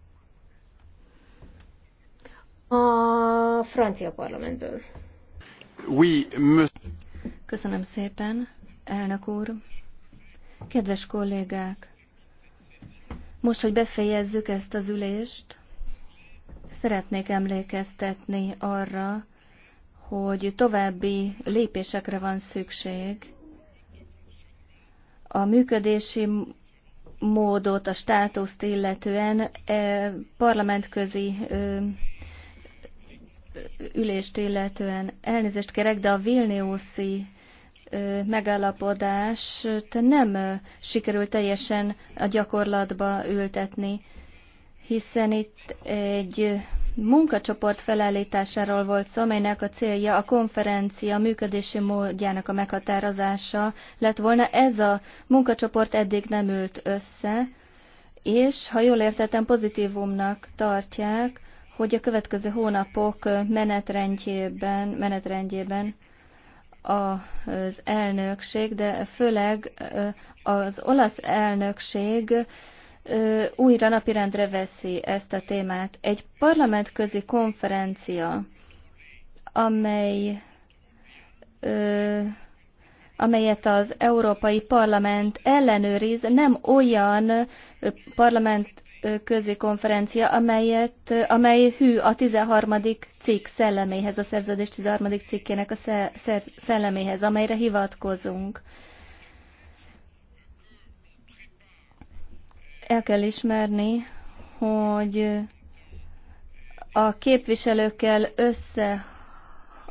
A francia parlamentből. Oui, Köszönöm szépen, elnök úr. Kedves kollégák, most, hogy befejezzük ezt az ülést, szeretnék emlékeztetni arra, hogy további lépésekre van szükség, a működési módot, a státuszt illetően e, parlamentközi ülést illetően elnézést kerek, de a Vilniuszi megállapodást nem sikerült teljesen a gyakorlatba ültetni, hiszen itt egy munkacsoport felállításáról volt szó, melynek a célja a konferencia működési módjának a meghatározása lett volna. Ez a munkacsoport eddig nem ült össze, és ha jól értettem, pozitívumnak tartják, hogy a következő hónapok menetrendjében, menetrendjében az elnökség, de főleg az olasz elnökség újra napirendre veszi ezt a témát. Egy parlamentközi konferencia, amely amelyet az Európai Parlament ellenőriz, nem olyan parlament közi konferencia, amelyet, amely hű a 13. cikk szelleméhez, a szerződés 13. cikkének a szelleméhez, amelyre hivatkozunk. El kell ismerni, hogy a képviselőkkel össze,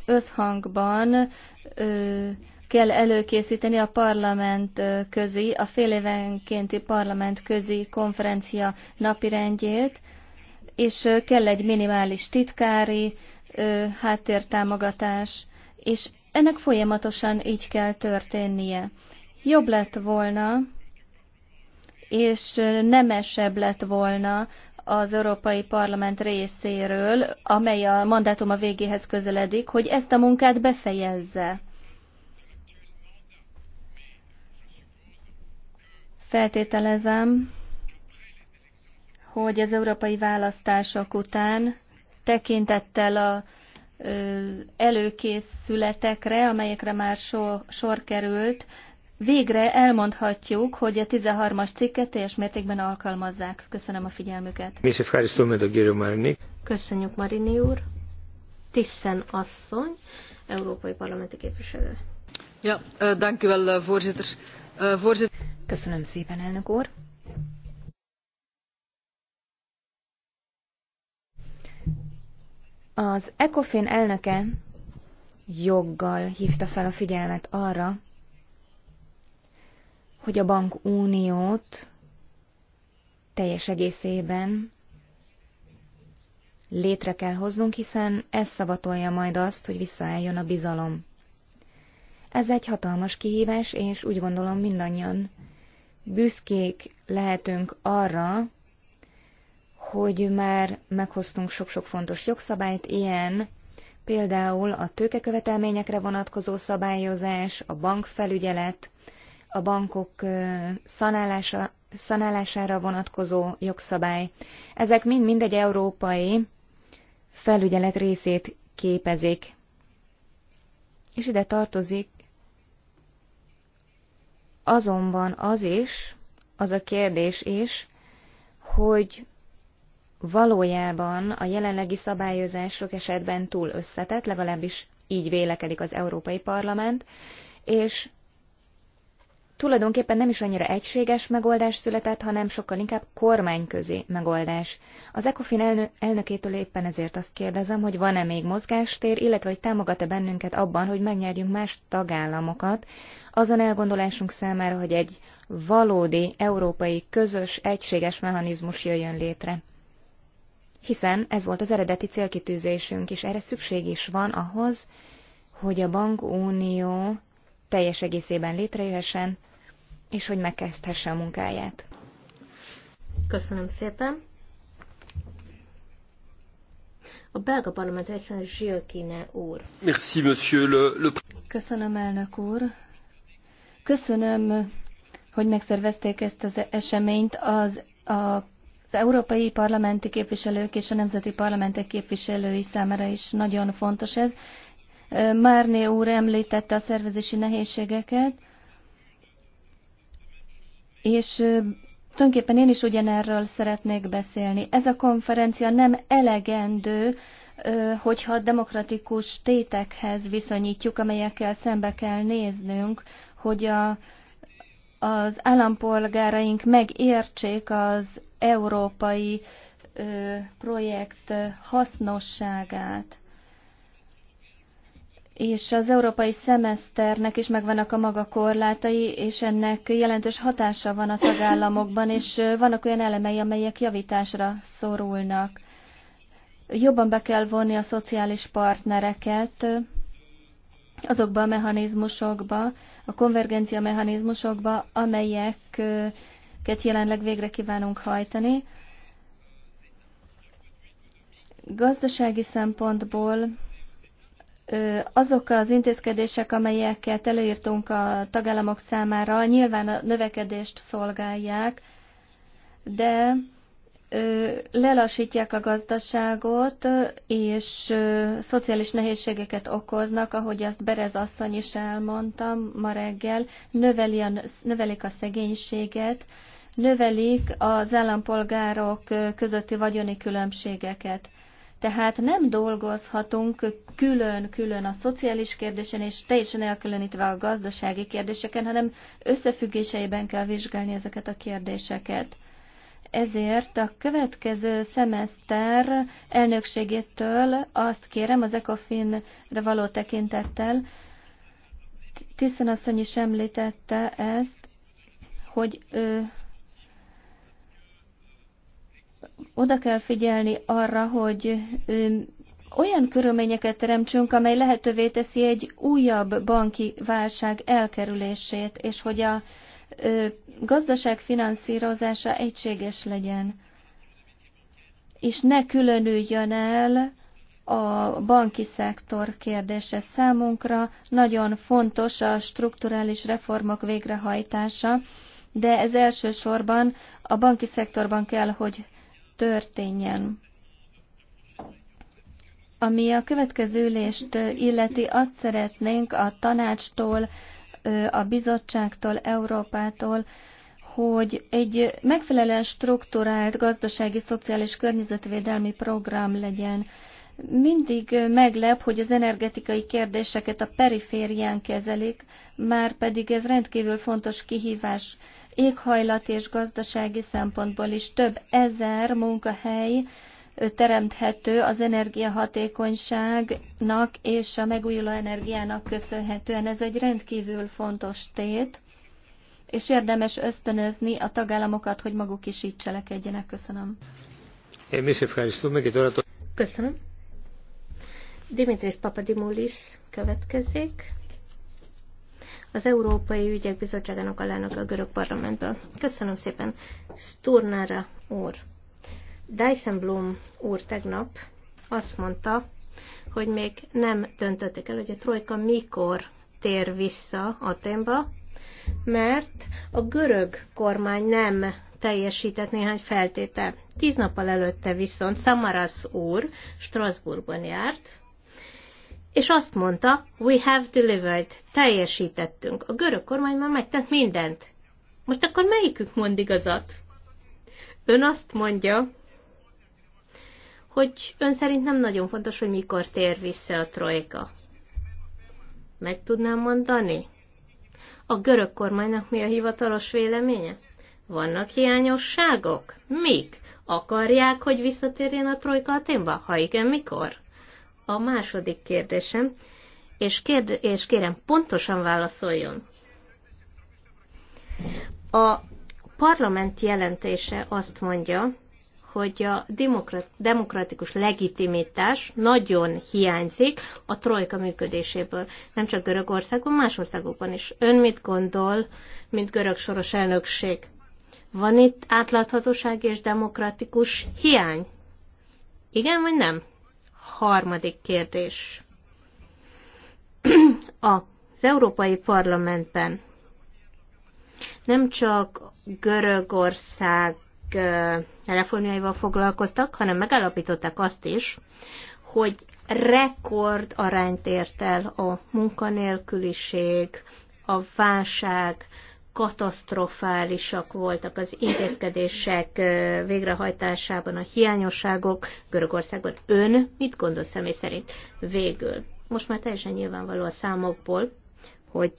összhangban ö, kell előkészíteni a parlament közi, a évenkénti parlament közi konferencia napirendjét, és kell egy minimális titkári ö, háttértámogatás, és ennek folyamatosan így kell történnie. Jobb lett volna, és nemesebb lett volna az Európai Parlament részéről, amely a mandátum a végéhez közeledik, hogy ezt a munkát befejezze. Feltételezem, hogy az európai választások után tekintettel a előkészületekre, amelyekre már sor került, végre elmondhatjuk, hogy a 13-as cikket teljes mértékben alkalmazzák. Köszönöm a figyelmüket. Köszönjük, Marini úr. Tiszen asszony, Európai Parlamenti Képviselő. Ja, dank eh, voorzitter. Eh, voorzitter. Köszönöm szépen, elnök úr. Az ECOFIN elnöke joggal hívta fel a figyelmet arra, hogy a bankuniót teljes egészében létre kell hoznunk, hiszen ez szavatolja majd azt, hogy visszaálljon a bizalom. Ez egy hatalmas kihívás, és úgy gondolom mindannyian büszkék lehetünk arra, hogy már meghoztunk sok-sok fontos jogszabályt, ilyen például a tőkekövetelményekre vonatkozó szabályozás, a bankfelügyelet, a bankok szanálása, szanálására vonatkozó jogszabály. Ezek mind-mind egy európai felügyelet részét képezik. És ide tartozik azonban az is, az a kérdés is, hogy valójában a jelenlegi szabályozás sok esetben túl összetett, legalábbis így vélekedik az Európai Parlament, és tulajdonképpen nem is annyira egységes megoldás született, hanem sokkal inkább kormányközi megoldás. Az ECOFIN elnö- elnökétől éppen ezért azt kérdezem, hogy van-e még mozgástér, illetve hogy támogat-e bennünket abban, hogy megnyerjünk más tagállamokat, azon elgondolásunk számára, hogy egy valódi európai közös egységes mechanizmus jöjjön létre. Hiszen ez volt az eredeti célkitűzésünk, és erre szükség is van ahhoz, hogy a bankunió teljes egészében létrejöhessen, és hogy megkezdhesse a munkáját. Köszönöm szépen. A belga parlament részén Zsilkine úr. Merci, monsieur le, le... Köszönöm, elnök úr. Köszönöm, hogy megszervezték ezt az eseményt. Az, a, az európai parlamenti képviselők és a nemzeti parlamentek képviselői számára is nagyon fontos ez, Márné úr említette a szervezési nehézségeket, és tulajdonképpen én is ugyanerről szeretnék beszélni. Ez a konferencia nem elegendő, hogyha demokratikus tétekhez viszonyítjuk, amelyekkel szembe kell néznünk, hogy a, az állampolgáraink megértsék az európai ö, projekt hasznosságát és az európai szemeszternek is megvannak a maga korlátai, és ennek jelentős hatása van a tagállamokban, és vannak olyan elemei, amelyek javításra szorulnak. Jobban be kell vonni a szociális partnereket azokba a mechanizmusokba, a konvergencia mechanizmusokba, amelyeket jelenleg végre kívánunk hajtani. Gazdasági szempontból azok az intézkedések, amelyeket előírtunk a tagállamok számára, nyilván a növekedést szolgálják, de lelassítják a gazdaságot, és szociális nehézségeket okoznak, ahogy azt Berez asszony is elmondta ma reggel, növeli a, növelik a szegénységet, növelik az állampolgárok közötti vagyoni különbségeket. Tehát nem dolgozhatunk külön-külön a szociális kérdésen, és teljesen elkülönítve a gazdasági kérdéseken, hanem összefüggéseiben kell vizsgálni ezeket a kérdéseket. Ezért a következő szemeszter elnökségétől azt kérem az ECOFIN-re való tekintettel, Tiszen asszony is említette ezt, hogy ő oda kell figyelni arra, hogy olyan körülményeket teremtsünk, amely lehetővé teszi egy újabb banki válság elkerülését, és hogy a gazdaság finanszírozása egységes legyen, és ne különüljön el a banki szektor kérdése számunkra. Nagyon fontos a strukturális reformok végrehajtása, de ez elsősorban a banki szektorban kell, hogy történjen. Ami a következő ülést illeti, azt szeretnénk a tanácstól, a bizottságtól, Európától, hogy egy megfelelően struktúrált gazdasági, szociális, környezetvédelmi program legyen. Mindig meglep, hogy az energetikai kérdéseket a periférián kezelik, már pedig ez rendkívül fontos kihívás éghajlat és gazdasági szempontból is. Több ezer munkahely teremthető az energiahatékonyságnak és a megújuló energiának köszönhetően. Ez egy rendkívül fontos tét, és érdemes ösztönözni a tagállamokat, hogy maguk is így cselekedjenek. Köszönöm. Köszönöm. Dimitris Papadimulis következik, az Európai Ügyek Bizottságának alelnök a görög parlamentből. Köszönöm szépen, Sturnára úr. Dyson úr tegnap azt mondta, hogy még nem döntötték el, hogy a trojka mikor tér vissza Aténba, mert a görög kormány nem teljesített néhány feltétel. Tíz nappal előtte viszont Samaras úr Strasbourgban járt, és azt mondta, we have delivered, teljesítettünk. A görög kormány már megtett mindent. Most akkor melyikük mond igazat? Ön azt mondja, hogy ön szerint nem nagyon fontos, hogy mikor tér vissza a trojka. Meg tudnám mondani? A görög kormánynak mi a hivatalos véleménye? Vannak hiányosságok? Mik? Akarják, hogy visszatérjen a trojka a témba? Ha igen, mikor? a második kérdésem, és, kérd- és kérem, pontosan válaszoljon. A parlament jelentése azt mondja, hogy a demokratikus legitimitás nagyon hiányzik a trojka működéséből, nem csak Görögországban, más országokban is. Ön mit gondol, mint görög soros elnökség? Van itt átláthatóság és demokratikus hiány? Igen vagy nem? harmadik kérdés. Az Európai Parlamentben nem csak Görögország reformjaival foglalkoztak, hanem megállapították azt is, hogy rekord arányt ért el a munkanélküliség, a válság, katasztrofálisak voltak az intézkedések végrehajtásában a hiányosságok Görögországban. Ön mit gondol személy szerint végül? Most már teljesen nyilvánvaló a számokból, hogy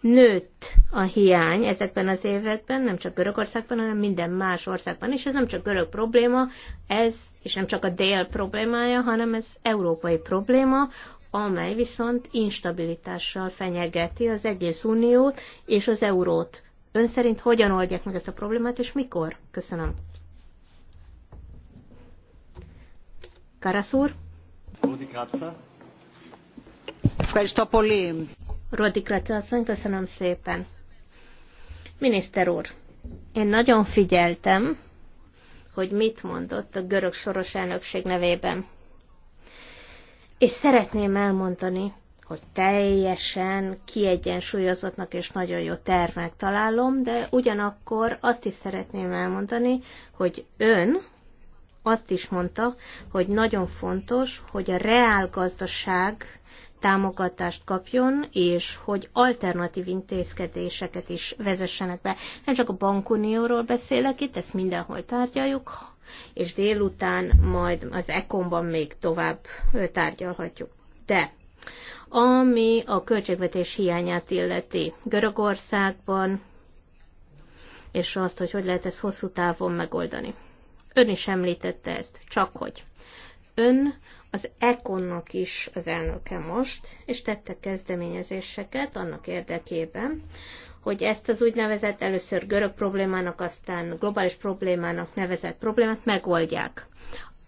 nőtt a hiány ezekben az években, nem csak Görögországban, hanem minden más országban, és ez nem csak görög probléma, ez, és nem csak a dél problémája, hanem ez európai probléma, amely viszont instabilitással fenyegeti az egész uniót és az eurót. Ön szerint hogyan oldják meg ezt a problémát, és mikor? Köszönöm. Karaszúr? Rodi Kratza asszony, köszönöm szépen. Miniszter úr, én nagyon figyeltem, hogy mit mondott a görög soros elnökség nevében és szeretném elmondani, hogy teljesen kiegyensúlyozottnak és nagyon jó tervnek találom, de ugyanakkor azt is szeretném elmondani, hogy ön azt is mondta, hogy nagyon fontos, hogy a reálgazdaság támogatást kapjon, és hogy alternatív intézkedéseket is vezessenek be. Nem csak a bankunióról beszélek itt, ezt mindenhol tárgyaljuk, és délután majd az ekonban még tovább tárgyalhatjuk. De ami a költségvetés hiányát illeti Görögországban, és azt, hogy hogy lehet ezt hosszú távon megoldani. Ön is említette ezt, csak hogy. Ön az Ekonnak is az elnöke most, és tette kezdeményezéseket annak érdekében, hogy ezt az úgynevezett először görög problémának, aztán globális problémának nevezett problémát megoldják.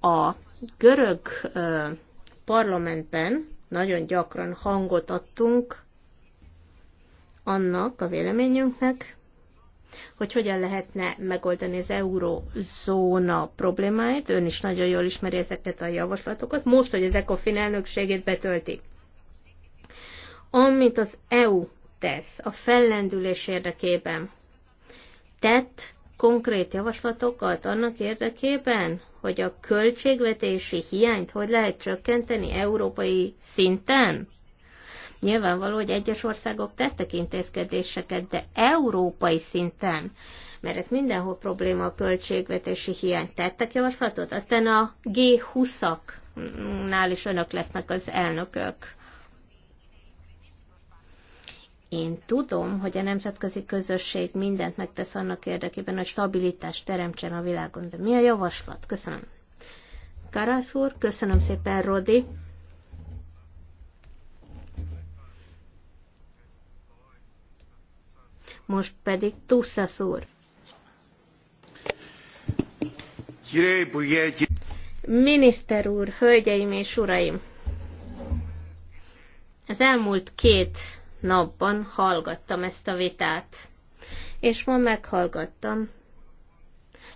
A görög parlamentben nagyon gyakran hangot adtunk annak a véleményünknek, hogy hogyan lehetne megoldani az eurozóna problémáit. Ön is nagyon jól ismeri ezeket a javaslatokat, most, hogy ezek a elnökségét betölti. Amit az EU tesz a fellendülés érdekében? Tett konkrét javaslatokat annak érdekében, hogy a költségvetési hiányt hogy lehet csökkenteni európai szinten? Nyilvánvaló, hogy egyes országok tettek intézkedéseket, de európai szinten, mert ez mindenhol probléma a költségvetési hiány. Tettek javaslatot? Aztán a G20-aknál is önök lesznek az elnökök. Én tudom, hogy a nemzetközi közösség mindent megtesz annak érdekében, hogy stabilitást teremtsen a világon, de mi a javaslat? Köszönöm. Karasz úr, köszönöm szépen, Rodi. Most pedig Tuszasz úr. Miniszter úr, hölgyeim és uraim! Az elmúlt két napban hallgattam ezt a vitát. És ma meghallgattam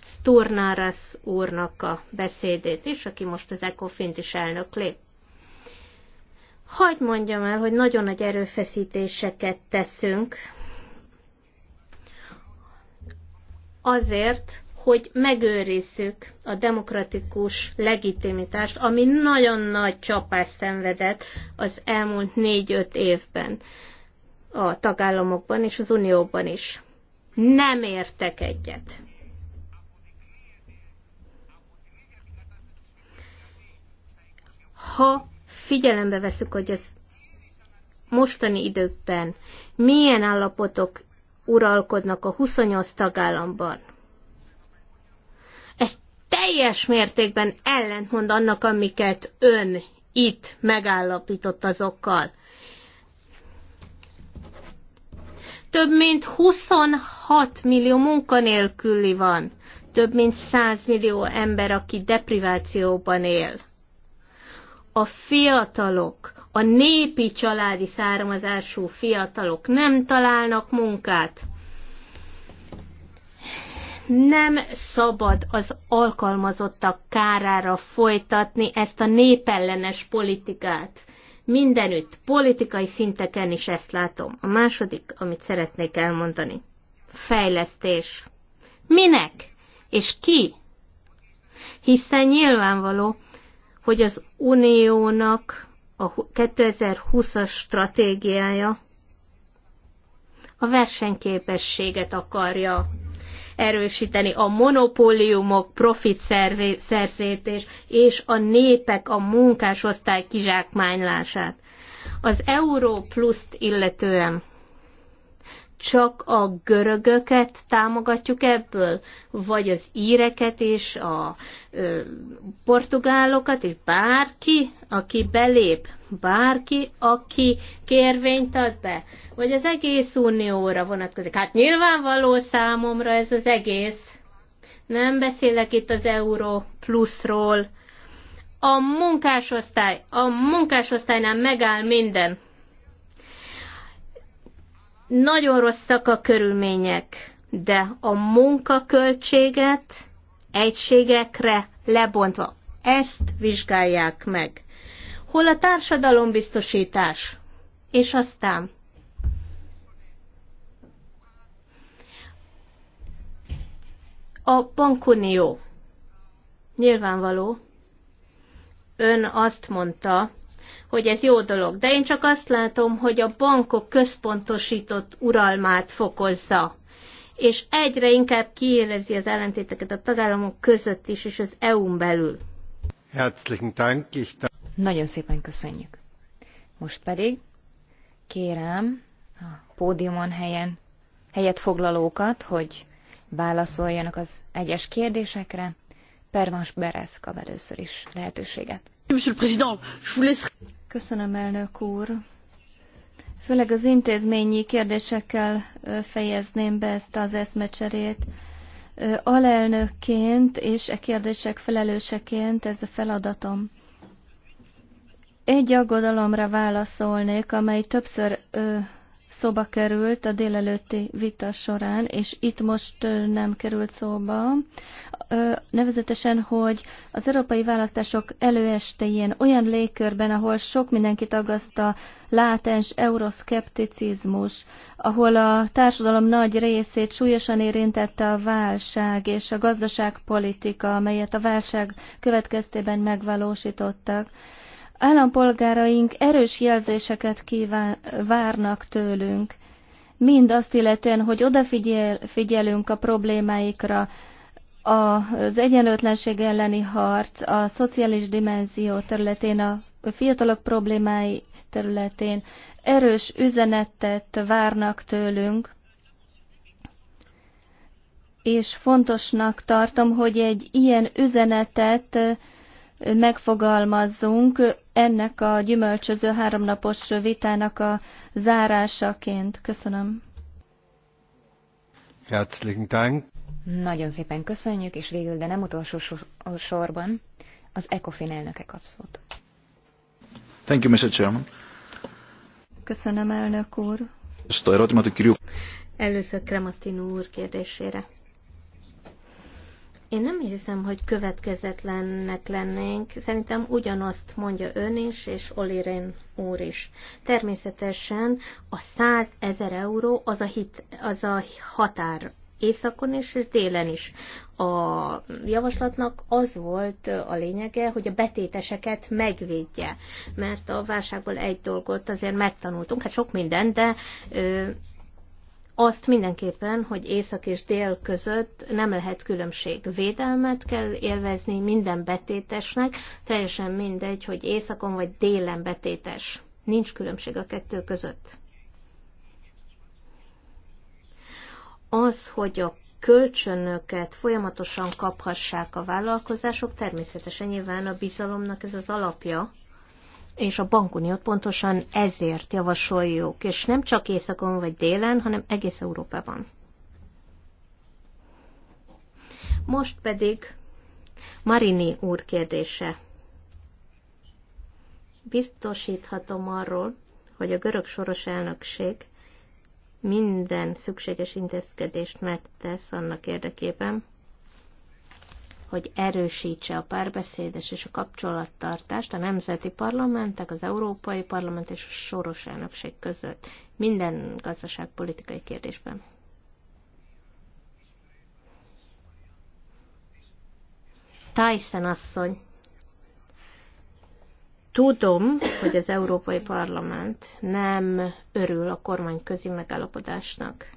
Sturnáras úrnak a beszédét is, aki most az Ecofint is lép. Hagy mondjam el, hogy nagyon nagy erőfeszítéseket teszünk azért, hogy megőrizzük a demokratikus legitimitást, ami nagyon nagy csapást szenvedett az elmúlt négy-öt évben a tagállamokban és az Unióban is. Nem értek egyet. Ha figyelembe veszük, hogy az mostani időkben milyen állapotok uralkodnak a 28 tagállamban, egy teljes mértékben ellentmond annak, amiket ön itt megállapított azokkal. Több mint 26 millió munkanélküli van, több mint 100 millió ember, aki deprivációban él. A fiatalok, a népi családi származású fiatalok nem találnak munkát. Nem szabad az alkalmazottak kárára folytatni ezt a népellenes politikát mindenütt, politikai szinteken is ezt látom. A második, amit szeretnék elmondani, fejlesztés. Minek? És ki? Hiszen nyilvánvaló, hogy az uniónak a 2020-as stratégiája a versenyképességet akarja erősíteni a monopóliumok profit szerzétés és a népek a munkásosztály kizsákmánylását. Az Euró pluszt illetően csak a görögöket támogatjuk ebből, vagy az íreket és a ö, portugálokat, és bárki, aki belép bárki, aki kérvényt ad be, vagy az egész unióra vonatkozik. Hát nyilvánvaló számomra ez az egész. Nem beszélek itt az euró pluszról. A munkásosztály, a munkásosztálynál megáll minden. Nagyon rosszak a körülmények, de a munkaköltséget egységekre lebontva ezt vizsgálják meg hol a társadalombiztosítás. És aztán a bankunió. Nyilvánvaló. Ön azt mondta, hogy ez jó dolog, de én csak azt látom, hogy a bankok központosított uralmát fokozza és egyre inkább kiérezi az ellentéteket a tagállamok között is, és az EU-n belül. Herzlichen Dank. Ich nagyon szépen köszönjük. Most pedig kérem a pódiumon helyen helyet foglalókat, hogy válaszoljanak az egyes kérdésekre. Pervans Beres kap először is lehetőséget. Köszönöm, elnök úr. Főleg az intézményi kérdésekkel fejezném be ezt az eszmecserét. Alelnökként és e kérdések felelőseként ez a feladatom. Egy aggodalomra válaszolnék, amely többször ö, szóba került a délelőtti vita során, és itt most nem került szóba, nevezetesen, hogy az európai választások előestéjén olyan légkörben, ahol sok mindenkit aggaszt a látens euroszkepticizmus, ahol a társadalom nagy részét súlyosan érintette a válság és a gazdaságpolitika, amelyet a válság következtében megvalósítottak, Állampolgáraink erős jelzéseket kíván, várnak tőlünk, mind azt illetően, hogy odafigyelünk a problémáikra, az egyenlőtlenség elleni harc, a szociális dimenzió területén, a fiatalok problémái területén erős üzenetet várnak tőlünk, és fontosnak tartom, hogy egy ilyen üzenetet megfogalmazzunk ennek a gyümölcsöző háromnapos vitának a zárásaként. Köszönöm. Herzlichen Dank. Nagyon szépen köszönjük, és végül, de nem utolsó sorban, az ECOFIN elnöke kap szót. Thank you, Mr. Chairman. Köszönöm, elnök úr. Először Kremasztin úr kérdésére. Én nem hiszem, hogy következetlennek lennénk. Szerintem ugyanazt mondja ön is, és Olirén úr is. Természetesen a 100 ezer euró az a, hit, az a határ északon is, és délen is. A javaslatnak az volt a lényege, hogy a betéteseket megvédje, mert a válságból egy dolgot azért megtanultunk, hát sok minden, de azt mindenképpen, hogy észak és dél között nem lehet különbség. Védelmet kell élvezni minden betétesnek, teljesen mindegy, hogy északon vagy délen betétes. Nincs különbség a kettő között. Az, hogy a kölcsönöket folyamatosan kaphassák a vállalkozások, természetesen nyilván a bizalomnak ez az alapja, és a bankuniót pontosan ezért javasoljuk, és nem csak északon vagy délen, hanem egész Európában. Most pedig Marini úr kérdése. Biztosíthatom arról, hogy a görög soros elnökség minden szükséges intézkedést megtesz annak érdekében, hogy erősítse a párbeszédes és a kapcsolattartást a nemzeti parlamentek, az Európai Parlament és a soros elnökség között minden gazdaságpolitikai kérdésben. Tyson asszony, tudom, hogy az Európai Parlament nem örül a közi megállapodásnak,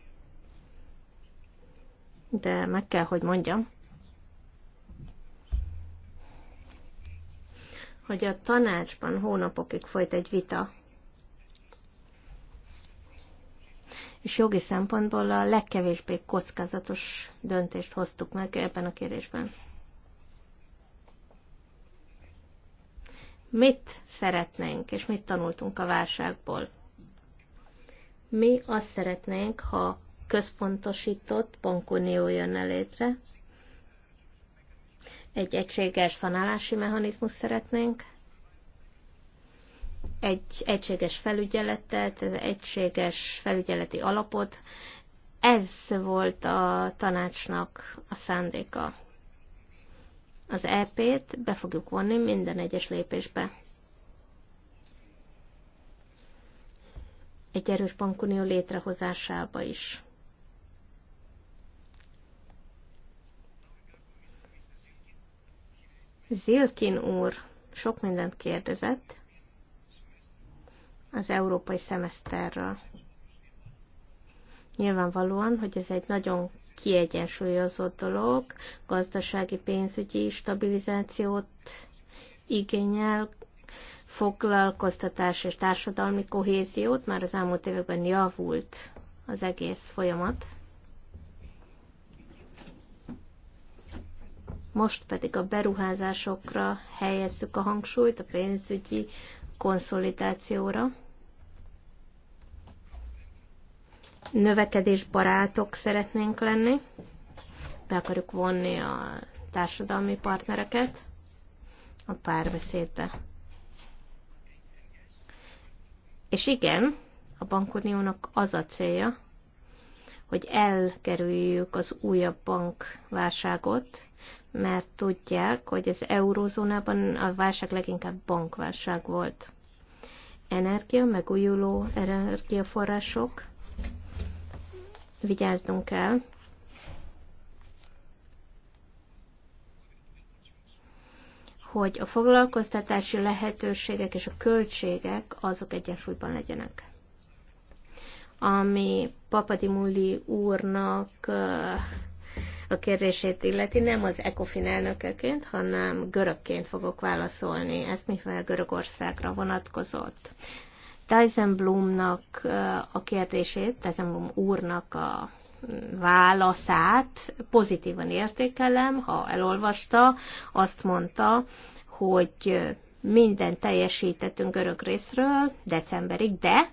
de meg kell, hogy mondjam, hogy a tanácsban hónapokig folyt egy vita, és jogi szempontból a legkevésbé kockázatos döntést hoztuk meg ebben a kérdésben. Mit szeretnénk, és mit tanultunk a válságból? Mi azt szeretnénk, ha központosított bankunió jönne létre, egy egységes szanálási mechanizmus szeretnénk, egy egységes felügyeletet, egy egységes felügyeleti alapot. Ez volt a tanácsnak a szándéka. Az EP-t be fogjuk vonni minden egyes lépésbe. Egy erős bankunió létrehozásába is. Zilkin úr sok mindent kérdezett az európai szemeszterről. Nyilvánvalóan, hogy ez egy nagyon kiegyensúlyozott dolog, gazdasági pénzügyi stabilizációt igényel, foglalkoztatás és társadalmi kohéziót, már az elmúlt években javult az egész folyamat. Most pedig a beruházásokra helyezzük a hangsúlyt, a pénzügyi konszolidációra. Növekedés barátok szeretnénk lenni, be akarjuk vonni a társadalmi partnereket a párbeszédbe. És igen, a bankuniónak az a célja, hogy elkerüljük az újabb bankválságot, mert tudják, hogy az eurózónában a válság leginkább bankválság volt. Energia, megújuló energiaforrások, vigyázzunk el. hogy a foglalkoztatási lehetőségek és a költségek azok egyensúlyban legyenek. Ami Papadimuli úrnak a kérdését illeti, nem az ECOFIN elnökeként, hanem görögként fogok válaszolni. Ezt mivel Görögországra vonatkozott. Tyson Blumnak a kérdését, Tyson Blum úrnak a válaszát pozitívan értékelem, ha elolvasta, azt mondta, hogy minden teljesítettünk görög részről decemberig, de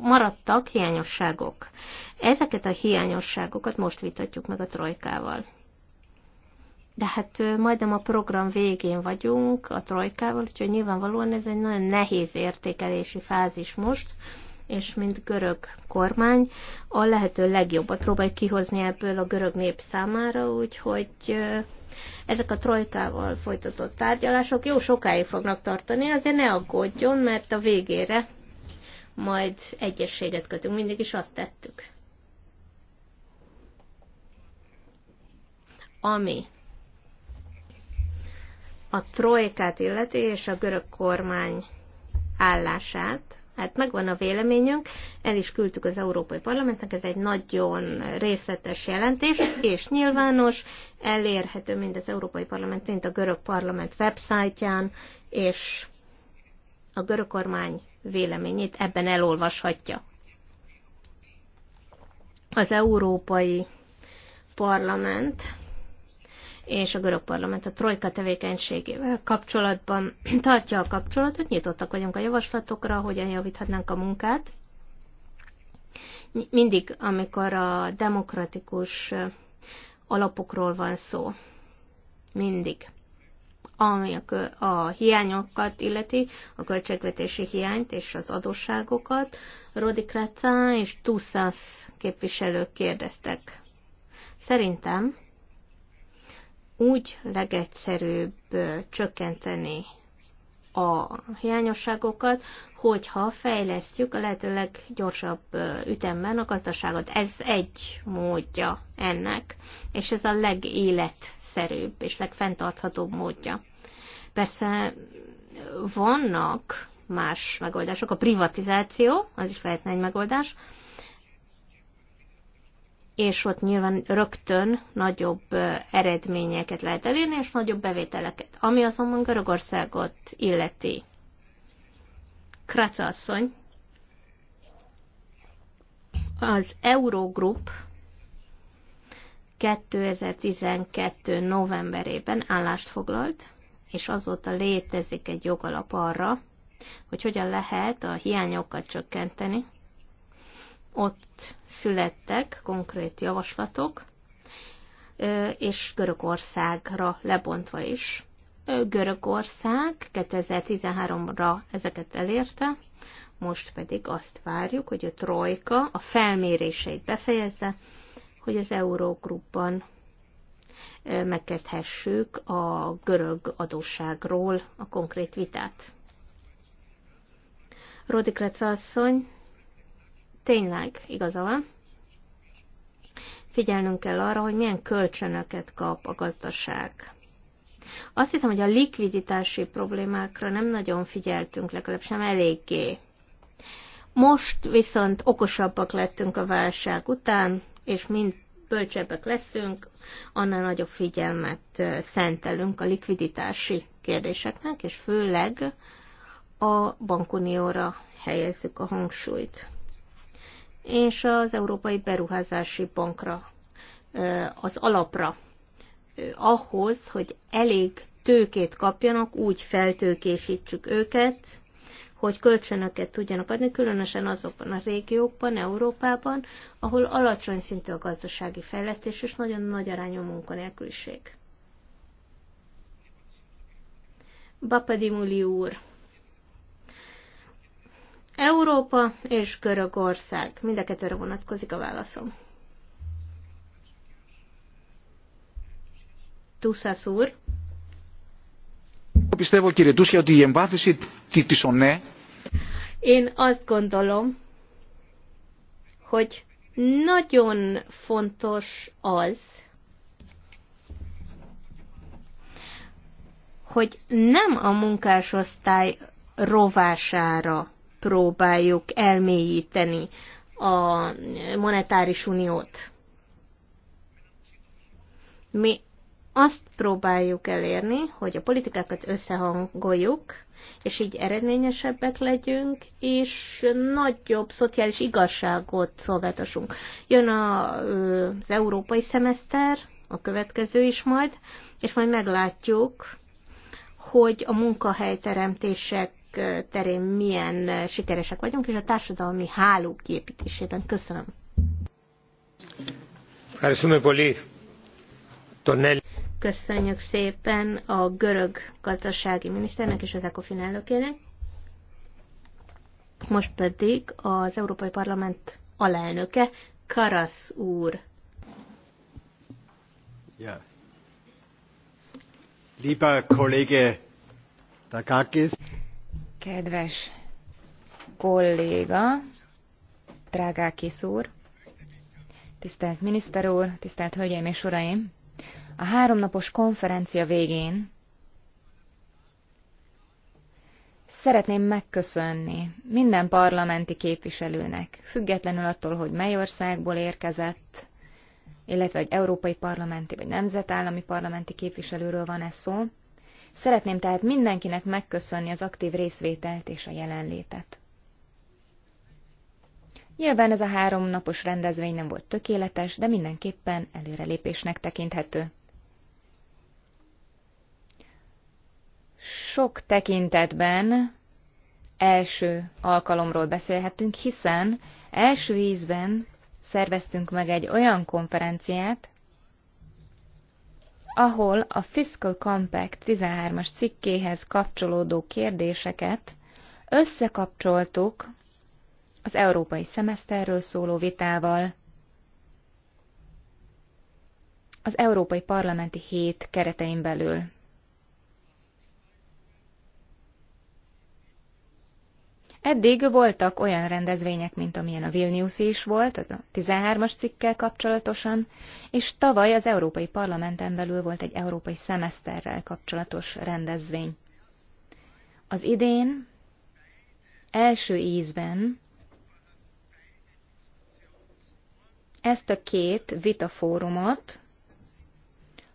maradtak hiányosságok. Ezeket a hiányosságokat most vitatjuk meg a trojkával. De hát majdnem a program végén vagyunk a trojkával, úgyhogy nyilvánvalóan ez egy nagyon nehéz értékelési fázis most, és mint görög kormány a lehető legjobbat próbálj kihozni ebből a görög nép számára, úgyhogy ezek a trojkával folytatott tárgyalások jó sokáig fognak tartani, azért ne aggódjon, mert a végére majd egyességet kötünk. Mindig is azt tettük. Ami a trojkát illeti, és a görög kormány állását, hát megvan a véleményünk, el is küldtük az Európai Parlamentnek, ez egy nagyon részletes jelentés, és nyilvános, elérhető mind az Európai Parlament, mint a görög parlament websájtján, és a görög kormány véleményét ebben elolvashatja. Az Európai Parlament és a görög parlament a trojka tevékenységével kapcsolatban tartja a kapcsolatot, nyitottak vagyunk a javaslatokra, hogyan javíthatnánk a munkát. Mindig, amikor a demokratikus alapokról van szó, mindig ami a, a hiányokat illeti, a költségvetési hiányt és az adósságokat. Rodi Kratza és Tuszász képviselők kérdeztek. Szerintem úgy legegyszerűbb csökkenteni a hiányosságokat, hogyha fejlesztjük a lehető leggyorsabb ütemben a gazdaságot. Ez egy módja ennek, és ez a legélet legegyszerűbb és legfenntarthatóbb módja. Persze vannak más megoldások, a privatizáció, az is lehetne egy megoldás, és ott nyilván rögtön nagyobb eredményeket lehet elérni, és nagyobb bevételeket. Ami azonban Görögországot illeti. Kraca asszony, az Eurogroup 2012. novemberében állást foglalt, és azóta létezik egy jogalap arra, hogy hogyan lehet a hiányokat csökkenteni. Ott születtek konkrét javaslatok, és Görögországra lebontva is. Görögország 2013-ra ezeket elérte, most pedig azt várjuk, hogy a Trojka a felméréseit befejezze, hogy az Eurogrupban megkezdhessük a görög adósságról a konkrét vitát. Rodikrec asszony, tényleg igaza van. Figyelnünk kell arra, hogy milyen kölcsönöket kap a gazdaság. Azt hiszem, hogy a likviditási problémákra nem nagyon figyeltünk, legalább sem eléggé. Most viszont okosabbak lettünk a válság után, és mind bölcsebbek leszünk, annál nagyobb figyelmet szentelünk a likviditási kérdéseknek, és főleg a bankunióra helyezzük a hangsúlyt. És az Európai Beruházási Bankra, az alapra, ahhoz, hogy elég tőkét kapjanak, úgy feltőkésítsük őket, hogy kölcsönöket tudjanak adni, különösen azokban a régiókban, Európában, ahol alacsony szintű a gazdasági fejlesztés és nagyon nagy arányú munkanélküliség. Bapadimuli úr. Európa és Görögország. Mind a kettőre vonatkozik a válaszom. Tuszász úr πιστεύω κύριε Τούσια ότι η εμβάθυνση της ΟΝΕ... In azt gondolom, hogy nagyon fontos az, hogy nem a munkásosztály rovására próbáljuk elmélyíteni a monetáris uniót. Mi azt próbáljuk elérni, hogy a politikákat összehangoljuk, és így eredményesebbek legyünk, és nagyobb szociális igazságot szolgáltassunk. Jön a, az európai szemeszter, a következő is majd, és majd meglátjuk, hogy a munkahelyteremtések terén milyen sikeresek vagyunk, és a társadalmi hálók kiépítésében. Köszönöm. Köszönöm, Poli. Köszönjük szépen a görög gazdasági miniszternek és az ECOFIN elnökének. Most pedig az Európai Parlament alelnöke, Karasz úr. Ja. Lieber Kollege Takakis. Kedves kolléga, Drágákis úr, tisztelt miniszter úr, tisztelt hölgyeim és uraim! A háromnapos konferencia végén szeretném megköszönni minden parlamenti képviselőnek, függetlenül attól, hogy mely országból érkezett, illetve egy európai parlamenti vagy nemzetállami parlamenti képviselőről van ez szó. Szeretném tehát mindenkinek megköszönni az aktív részvételt és a jelenlétet. Nyilván ez a három napos rendezvény nem volt tökéletes, de mindenképpen előrelépésnek tekinthető. sok tekintetben első alkalomról beszélhetünk, hiszen első ízben szerveztünk meg egy olyan konferenciát, ahol a Fiscal Compact 13-as cikkéhez kapcsolódó kérdéseket összekapcsoltuk az európai szemeszterről szóló vitával, az Európai Parlamenti Hét keretein belül. Eddig voltak olyan rendezvények, mint amilyen a Vilnius is volt, a 13-as cikkkel kapcsolatosan, és tavaly az Európai Parlamenten belül volt egy európai szemeszterrel kapcsolatos rendezvény. Az idén első ízben ezt a két vitafórumot,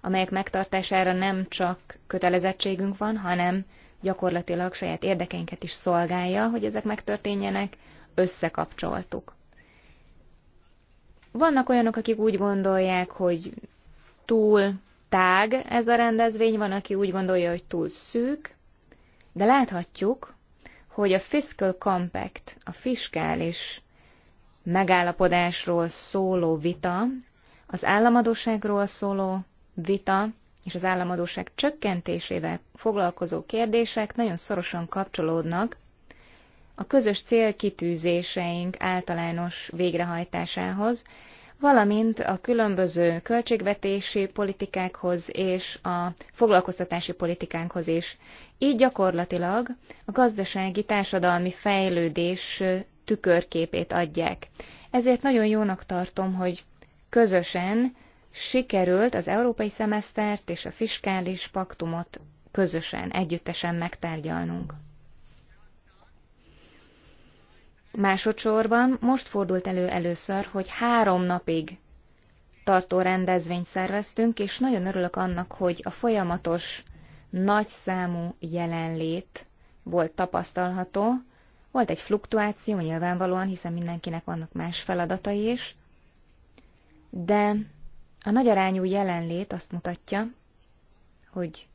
amelyek megtartására nem csak kötelezettségünk van, hanem gyakorlatilag saját érdekeinket is szolgálja, hogy ezek megtörténjenek, összekapcsoltuk. Vannak olyanok, akik úgy gondolják, hogy túl tág ez a rendezvény, van, aki úgy gondolja, hogy túl szűk, de láthatjuk, hogy a Fiscal Compact, a fiskális megállapodásról szóló vita, az államadóságról szóló vita és az államadóság csökkentésével foglalkozó kérdések nagyon szorosan kapcsolódnak a közös célkitűzéseink általános végrehajtásához, valamint a különböző költségvetési politikákhoz és a foglalkoztatási politikánkhoz is. Így gyakorlatilag a gazdasági társadalmi fejlődés tükörképét adják. Ezért nagyon jónak tartom, hogy közösen sikerült az európai szemesztert és a fiskális paktumot közösen, együttesen megtárgyalnunk. Másodszorban most fordult elő először, hogy három napig tartó rendezvényt szerveztünk, és nagyon örülök annak, hogy a folyamatos nagyszámú jelenlét volt tapasztalható. Volt egy fluktuáció nyilvánvalóan, hiszen mindenkinek vannak más feladatai is, de a nagyarányú jelenlét azt mutatja, hogy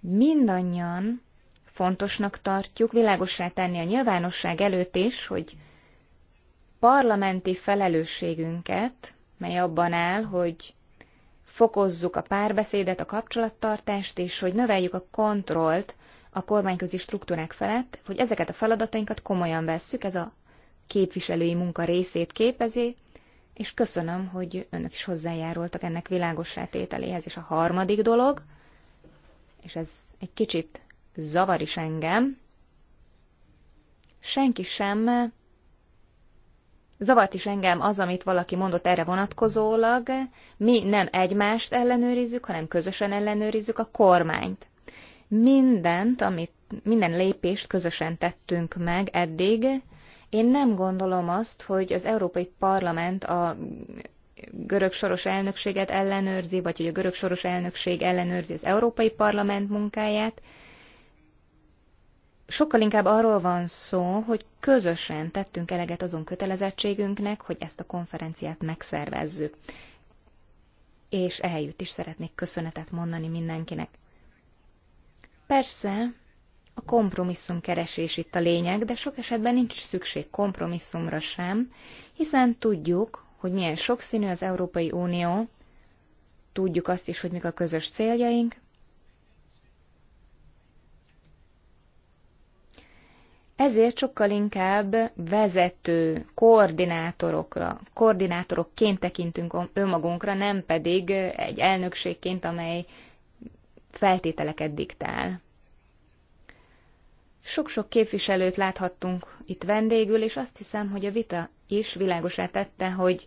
mindannyian fontosnak tartjuk világossá tenni a nyilvánosság előtt is, hogy parlamenti felelősségünket, mely abban áll, hogy fokozzuk a párbeszédet, a kapcsolattartást, és hogy növeljük a kontrollt a kormányközi struktúrák felett, hogy ezeket a feladatainkat komolyan vesszük, ez a képviselői munka részét képezi, és köszönöm, hogy önök is hozzájárultak ennek világossá tételéhez. És a harmadik dolog, és ez egy kicsit zavar is engem, senki sem zavart is engem az, amit valaki mondott erre vonatkozólag, mi nem egymást ellenőrizzük, hanem közösen ellenőrizzük a kormányt. Mindent, amit, minden lépést közösen tettünk meg eddig, én nem gondolom azt, hogy az Európai Parlament a görög soros elnökséget ellenőrzi, vagy hogy a görög soros elnökség ellenőrzi az Európai Parlament munkáját. Sokkal inkább arról van szó, hogy közösen tettünk eleget azon kötelezettségünknek, hogy ezt a konferenciát megszervezzük. És ehelyütt is szeretnék köszönetet mondani mindenkinek. Persze, a kompromisszum keresés itt a lényeg, de sok esetben nincs szükség kompromisszumra sem, hiszen tudjuk, hogy milyen sokszínű az Európai Unió, tudjuk azt is, hogy mik a közös céljaink, Ezért sokkal inkább vezető koordinátorokra, koordinátorokként tekintünk önmagunkra, nem pedig egy elnökségként, amely feltételeket diktál. Sok-sok képviselőt láthattunk itt vendégül, és azt hiszem, hogy a vita is világosá tette, hogy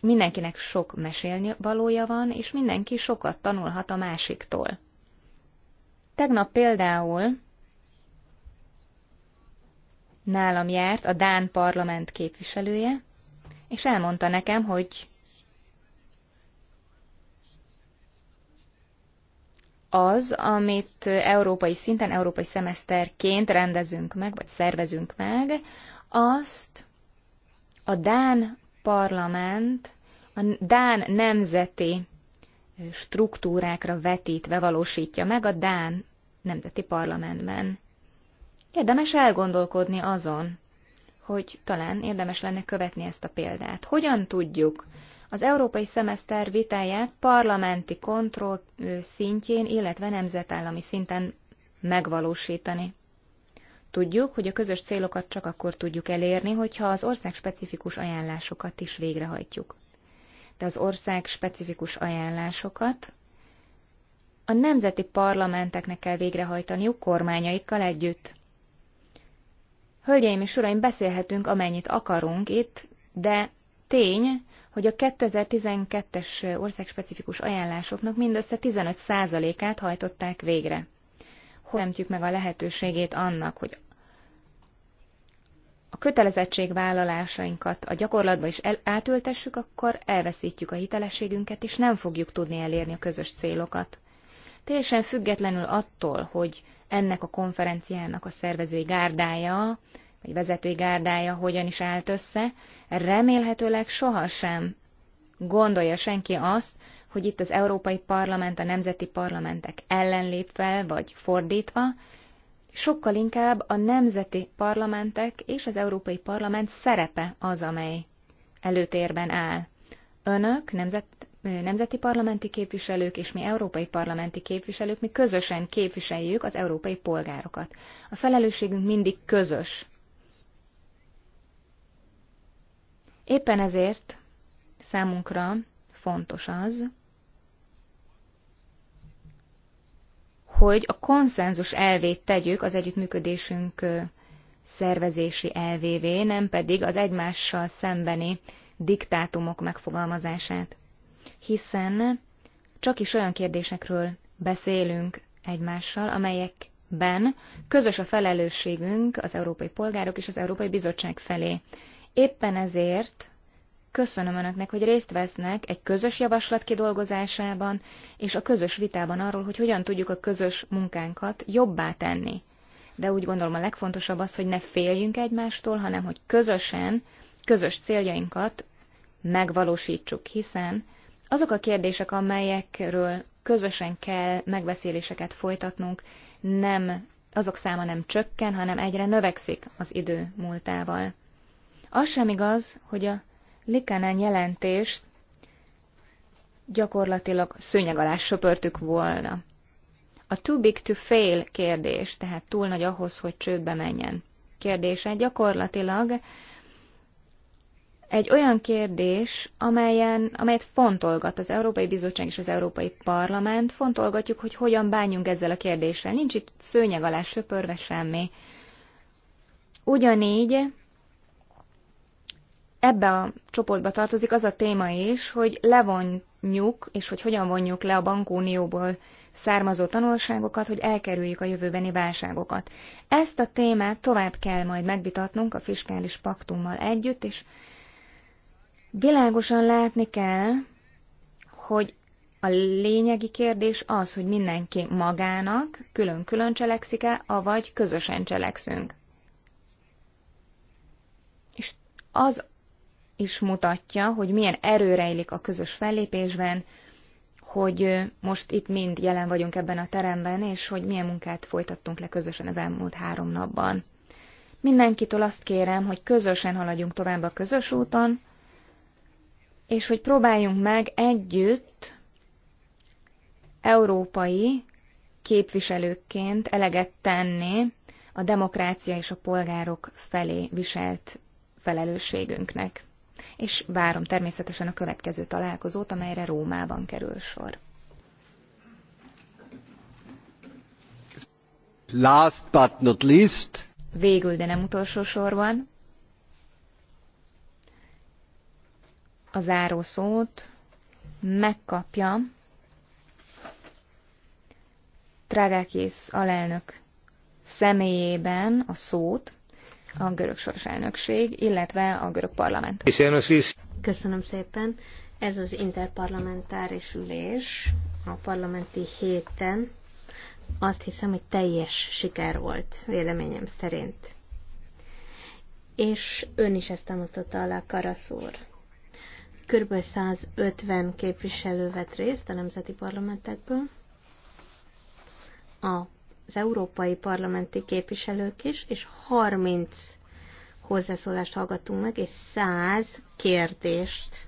mindenkinek sok mesélni valója van, és mindenki sokat tanulhat a másiktól. Tegnap például nálam járt a Dán parlament képviselője, és elmondta nekem, hogy az, amit európai szinten, európai szemeszterként rendezünk meg, vagy szervezünk meg, azt a Dán parlament, a Dán nemzeti struktúrákra vetítve valósítja meg a Dán nemzeti parlamentben. Érdemes elgondolkodni azon, hogy talán érdemes lenne követni ezt a példát. Hogyan tudjuk az európai szemeszter vitáját parlamenti kontroll szintjén, illetve nemzetállami szinten megvalósítani. Tudjuk, hogy a közös célokat csak akkor tudjuk elérni, hogyha az ország specifikus ajánlásokat is végrehajtjuk. De az ország specifikus ajánlásokat a nemzeti parlamenteknek kell végrehajtaniuk kormányaikkal együtt. Hölgyeim és uraim, beszélhetünk amennyit akarunk itt, de tény, hogy a 2012-es országspecifikus ajánlásoknak mindössze 15%-át hajtották végre. Hogy teremtjük meg a lehetőségét annak, hogy a kötelezettségvállalásainkat a gyakorlatba is el- átültessük, akkor elveszítjük a hitelességünket, és nem fogjuk tudni elérni a közös célokat. Teljesen függetlenül attól, hogy ennek a konferenciának a szervezői gárdája vagy vezetői gárdája hogyan is állt össze, remélhetőleg sohasem gondolja senki azt, hogy itt az Európai Parlament a nemzeti parlamentek ellen lép fel, vagy fordítva, sokkal inkább a nemzeti parlamentek és az Európai Parlament szerepe az, amely előtérben áll. Önök, nemzet, nemzeti parlamenti képviselők és mi európai parlamenti képviselők, mi közösen képviseljük az európai polgárokat. A felelősségünk mindig közös. Éppen ezért számunkra fontos az, hogy a konszenzus elvét tegyük az együttműködésünk szervezési elvévé, nem pedig az egymással szembeni diktátumok megfogalmazását. Hiszen csak is olyan kérdésekről beszélünk egymással, amelyekben közös a felelősségünk az európai polgárok és az Európai Bizottság felé. Éppen ezért köszönöm Önöknek, hogy részt vesznek egy közös javaslat kidolgozásában, és a közös vitában arról, hogy hogyan tudjuk a közös munkánkat jobbá tenni. De úgy gondolom a legfontosabb az, hogy ne féljünk egymástól, hanem hogy közösen, közös céljainkat megvalósítsuk, hiszen azok a kérdések, amelyekről közösen kell megbeszéléseket folytatnunk, nem, azok száma nem csökken, hanem egyre növekszik az idő múltával. Az sem igaz, hogy a Likánán jelentést gyakorlatilag szőnyeg alá söpörtük volna. A too big to fail kérdés, tehát túl nagy ahhoz, hogy csődbe menjen kérdése gyakorlatilag egy olyan kérdés, amelyen, amelyet fontolgat az Európai Bizottság és az Európai Parlament, fontolgatjuk, hogy hogyan bánjunk ezzel a kérdéssel. Nincs itt szőnyeg alá söpörve semmi. Ugyanígy ebbe a csoportba tartozik az a téma is, hogy levonjuk, és hogy hogyan vonjuk le a bankunióból származó tanulságokat, hogy elkerüljük a jövőbeni válságokat. Ezt a témát tovább kell majd megvitatnunk a fiskális paktummal együtt, és világosan látni kell, hogy a lényegi kérdés az, hogy mindenki magának külön-külön cselekszik-e, avagy közösen cselekszünk. És az is mutatja, hogy milyen erő rejlik a közös fellépésben, hogy most itt mind jelen vagyunk ebben a teremben, és hogy milyen munkát folytattunk le közösen az elmúlt három napban. Mindenkitől azt kérem, hogy közösen haladjunk tovább a közös úton, és hogy próbáljunk meg együtt európai képviselőkként eleget tenni a demokrácia és a polgárok felé viselt felelősségünknek és várom természetesen a következő találkozót, amelyre Rómában kerül sor. Last but not least. Végül, de nem utolsó sorban. A záró szót megkapja Tragákész alelnök személyében a szót, a görög soros elnökség, illetve a görög parlament. Köszönöm szépen. Ez az interparlamentáris ülés a parlamenti héten azt hiszem, hogy teljes siker volt, véleményem szerint. És ön is ezt támasztotta alá, Karaszúr. úr. Körülbelül 150 képviselő vett részt a nemzeti parlamentekből. A az európai parlamenti képviselők is, és 30 hozzászólást hallgattunk meg, és 100 kérdést.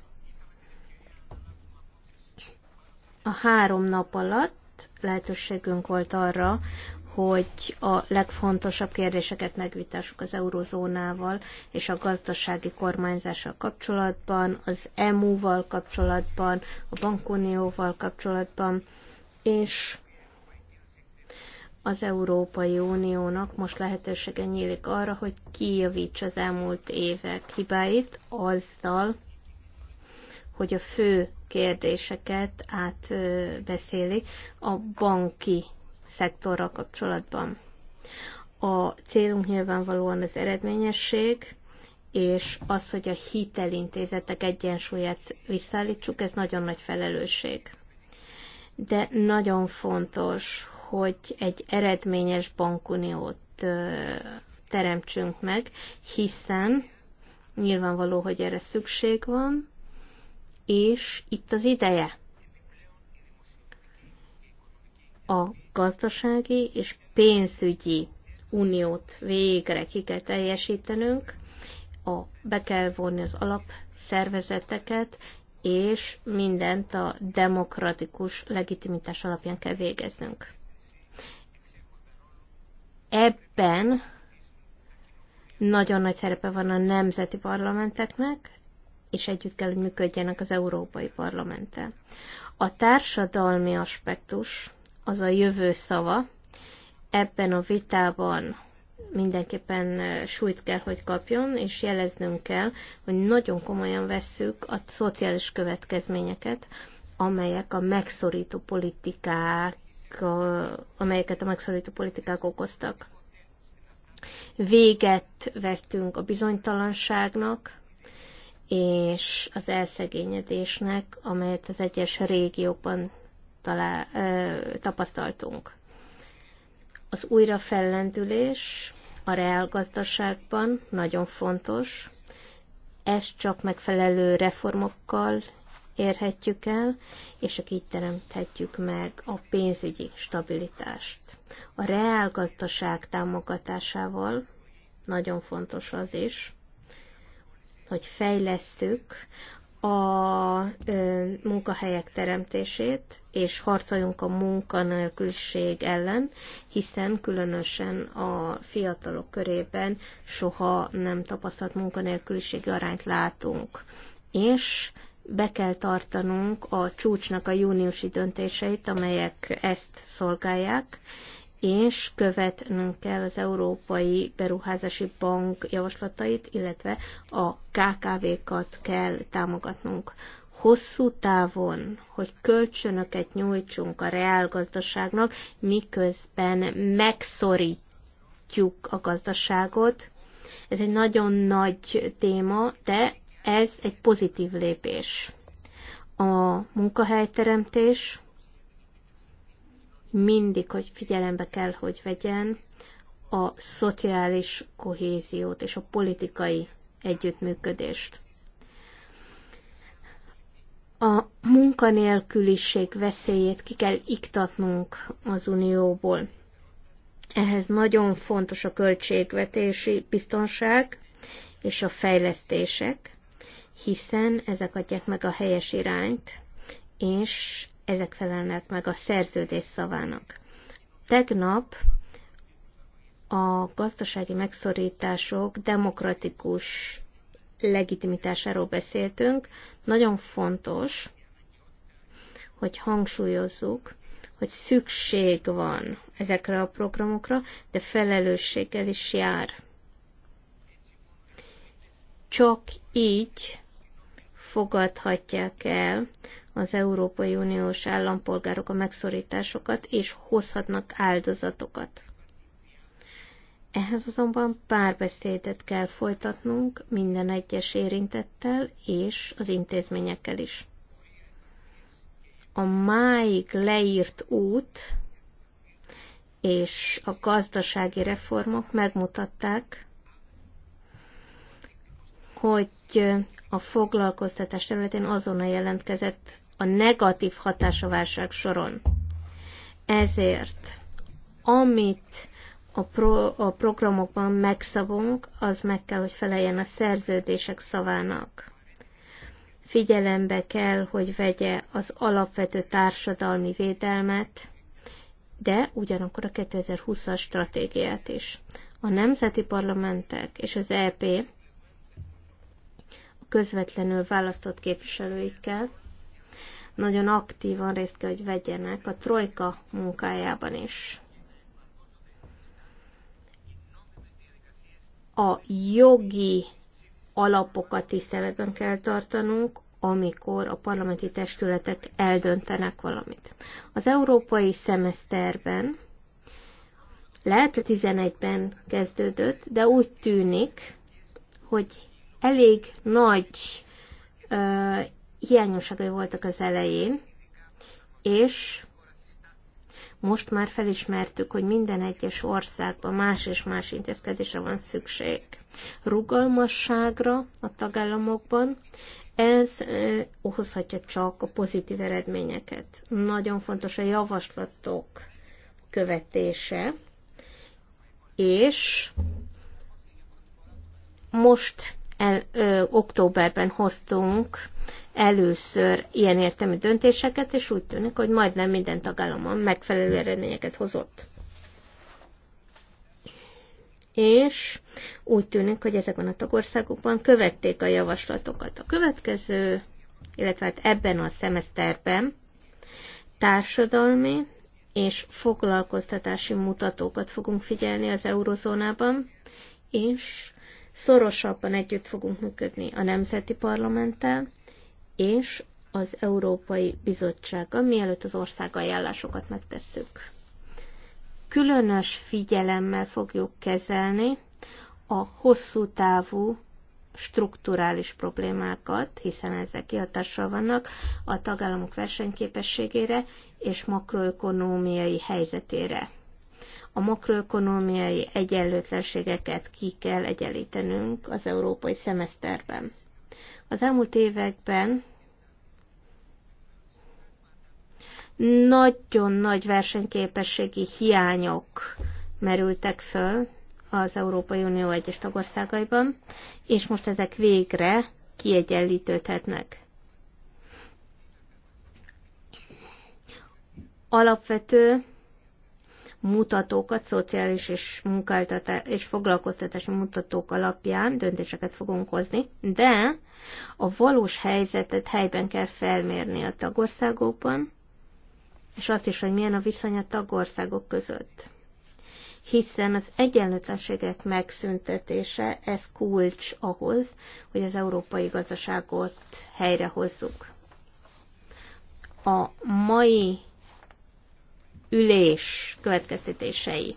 A három nap alatt lehetőségünk volt arra, hogy a legfontosabb kérdéseket megvitassuk az eurozónával és a gazdasági kormányzással kapcsolatban, az EMU-val kapcsolatban, a bankunióval kapcsolatban, és az Európai Uniónak most lehetősége nyílik arra, hogy kijavítsa az elmúlt évek hibáit azzal, hogy a fő kérdéseket átbeszéli a banki szektorral kapcsolatban. A célunk nyilvánvalóan az eredményesség, és az, hogy a hitelintézetek egyensúlyát visszaállítsuk, ez nagyon nagy felelősség. De nagyon fontos, hogy egy eredményes bankuniót teremtsünk meg, hiszen nyilvánvaló, hogy erre szükség van, és itt az ideje. A gazdasági és pénzügyi uniót végre ki kell teljesítenünk, a, be kell vonni az alapszervezeteket, és mindent a demokratikus legitimitás alapján kell végeznünk. Ebben nagyon nagy szerepe van a nemzeti parlamenteknek, és együtt kell, hogy működjenek az Európai Parlamenttel. A társadalmi aspektus az a jövő szava. Ebben a vitában mindenképpen súlyt kell, hogy kapjon, és jeleznünk kell, hogy nagyon komolyan vesszük a szociális következményeket, amelyek a megszorító politikák amelyek, amelyeket a megszorító politikák okoztak. Véget vettünk a bizonytalanságnak, és az elszegényedésnek, amelyet az egyes régiókban talál, tapasztaltunk. Az újrafellendülés a reálgazdaságban nagyon fontos, ez csak megfelelő reformokkal érhetjük el, és csak így teremthetjük meg a pénzügyi stabilitást. A reálgazdaság támogatásával nagyon fontos az is, hogy fejlesztük a ö, munkahelyek teremtését, és harcoljunk a munkanélküliség ellen, hiszen különösen a fiatalok körében soha nem tapasztalt munkanélküliségi arányt látunk. És be kell tartanunk a csúcsnak a júniusi döntéseit, amelyek ezt szolgálják, és követnünk kell az Európai Beruházási Bank javaslatait, illetve a KKV-kat kell támogatnunk. Hosszú távon, hogy kölcsönöket nyújtsunk a reálgazdaságnak, miközben megszorítjuk a gazdaságot, ez egy nagyon nagy téma, de ez egy pozitív lépés. A munkahelyteremtés mindig, hogy figyelembe kell, hogy vegyen a szociális kohéziót és a politikai együttműködést. A munkanélküliség veszélyét ki kell iktatnunk az Unióból. Ehhez nagyon fontos a költségvetési biztonság és a fejlesztések, hiszen ezek adják meg a helyes irányt, és ezek felelnek meg a szerződés szavának. Tegnap a gazdasági megszorítások demokratikus legitimitásáról beszéltünk. Nagyon fontos, hogy hangsúlyozzuk, hogy szükség van ezekre a programokra, de felelősséggel is jár. Csak így fogadhatják el az Európai Uniós állampolgárok a megszorításokat, és hozhatnak áldozatokat. Ehhez azonban párbeszédet kell folytatnunk minden egyes érintettel és az intézményekkel is. A máig leírt út és a gazdasági reformok megmutatták, hogy a foglalkoztatás területén azonnal jelentkezett a negatív hatás a válság soron. Ezért, amit a, pro, a programokban megszabunk, az meg kell, hogy feleljen a szerződések szavának. Figyelembe kell, hogy vegye az alapvető társadalmi védelmet, de ugyanakkor a 2020-as stratégiát is. A nemzeti parlamentek és az EP közvetlenül választott képviselőikkel nagyon aktívan részt kell, hogy vegyenek a trojka munkájában is. A jogi alapokat tiszteletben kell tartanunk, amikor a parlamenti testületek eldöntenek valamit. Az európai szemeszterben lehet, hogy 11-ben kezdődött, de úgy tűnik, hogy elég nagy ö, hiányosságai voltak az elején, és most már felismertük, hogy minden egyes országban más és más intézkedésre van szükség. Rugalmasságra a tagállamokban, ez eh, okozhatja csak a pozitív eredményeket. Nagyon fontos a javaslatok követése, és most el, ö, októberben hoztunk először ilyen értelmi döntéseket, és úgy tűnik, hogy majdnem minden tagállamon megfelelő eredményeket hozott. És úgy tűnik, hogy ezekben a tagországokban követték a javaslatokat. A következő, illetve hát ebben a szemeszterben társadalmi és foglalkoztatási mutatókat fogunk figyelni az eurozónában, és Szorosabban együtt fogunk működni a Nemzeti Parlamenttel és az Európai Bizottsággal, mielőtt az ajánlásokat megtesszük. Különös figyelemmel fogjuk kezelni a hosszú távú strukturális problémákat, hiszen ezek kihatással vannak a tagállamok versenyképességére és makroökonómiai helyzetére a makroökonomiai egyenlőtlenségeket ki kell egyenlítenünk az európai szemeszterben. Az elmúlt években nagyon nagy versenyképességi hiányok merültek föl az Európai Unió egyes tagországaiban, és most ezek végre kiegyenlítődhetnek. Alapvető mutatókat, szociális és, munkáltatás és foglalkoztatási mutatók alapján döntéseket fogunk hozni, de a valós helyzetet helyben kell felmérni a tagországokban, és azt is, hogy milyen a viszony a tagországok között. Hiszen az egyenlőtlenségek megszüntetése, ez kulcs ahhoz, hogy az európai gazdaságot helyrehozzuk. A mai ülés következtetései,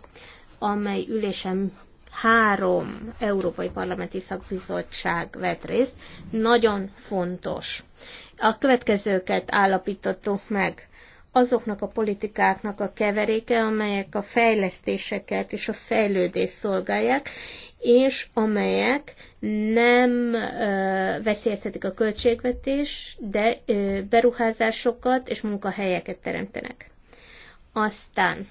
amely ülésen három Európai Parlamenti Szakbizottság vett részt, nagyon fontos. A következőket állapítottuk meg. Azoknak a politikáknak a keveréke, amelyek a fejlesztéseket és a fejlődést szolgálják, és amelyek nem ö, veszélyeztetik a költségvetés, de ö, beruházásokat és munkahelyeket teremtenek. Aztán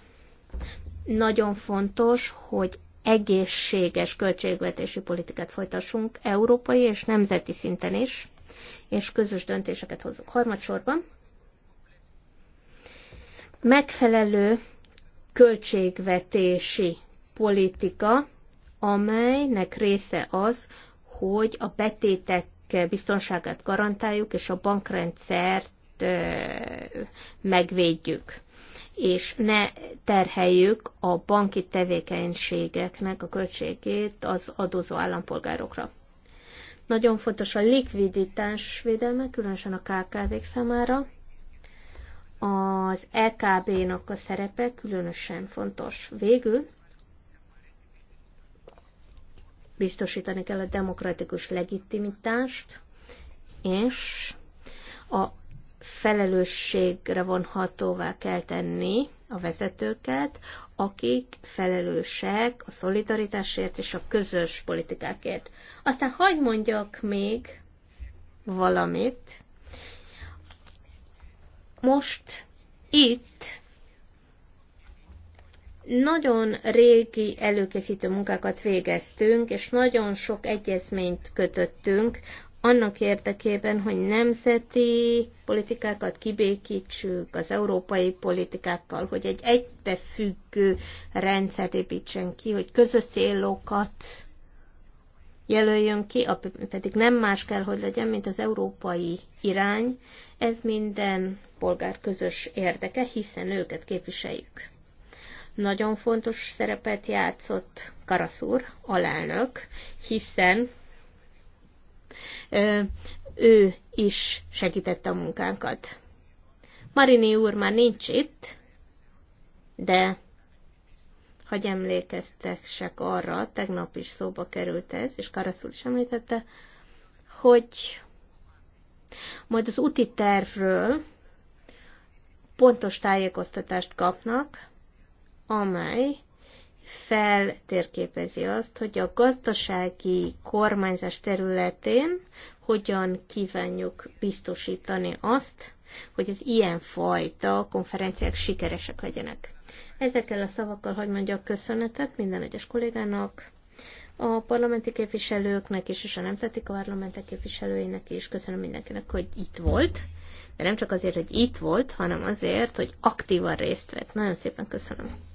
nagyon fontos, hogy egészséges költségvetési politikát folytassunk európai és nemzeti szinten is, és közös döntéseket hozunk. Harmadsorban megfelelő költségvetési politika, amelynek része az, hogy a betétek biztonságát garantáljuk, és a bankrendszert megvédjük és ne terheljük a banki tevékenységeknek a költségét az adózó állampolgárokra. Nagyon fontos a likviditás védelme, különösen a KKV-k számára. Az EKB-nak a szerepe különösen fontos. Végül biztosítani kell a demokratikus legitimitást, és a felelősségre vonhatóvá kell tenni a vezetőket, akik felelősek a szolidaritásért és a közös politikákért. Aztán hagyd mondjak még valamit. Most itt nagyon régi előkészítő munkákat végeztünk, és nagyon sok egyezményt kötöttünk annak érdekében, hogy nemzeti politikákat kibékítsük az európai politikákkal, hogy egy egybefüggő rendszert építsen ki, hogy közös célokat jelöljön ki, pedig nem más kell, hogy legyen, mint az európai irány. Ez minden polgár közös érdeke, hiszen őket képviseljük. Nagyon fontos szerepet játszott Karaszúr, alelnök, hiszen ő is segítette a munkánkat. Marini úr már nincs itt, de hogy emlékeztessek arra, tegnap is szóba került ez, és Karaszul is említette, hogy majd az úti tervről pontos tájékoztatást kapnak, amely feltérképezi azt, hogy a gazdasági kormányzás területén hogyan kívánjuk biztosítani azt, hogy az fajta konferenciák sikeresek legyenek. Ezekkel a szavakkal, hogy mondjak, köszönetet minden egyes kollégának, a parlamenti képviselőknek is, és a nemzeti parlamentek képviselőinek is. Köszönöm mindenkinek, hogy itt volt. De nem csak azért, hogy itt volt, hanem azért, hogy aktívan részt vett. Nagyon szépen köszönöm.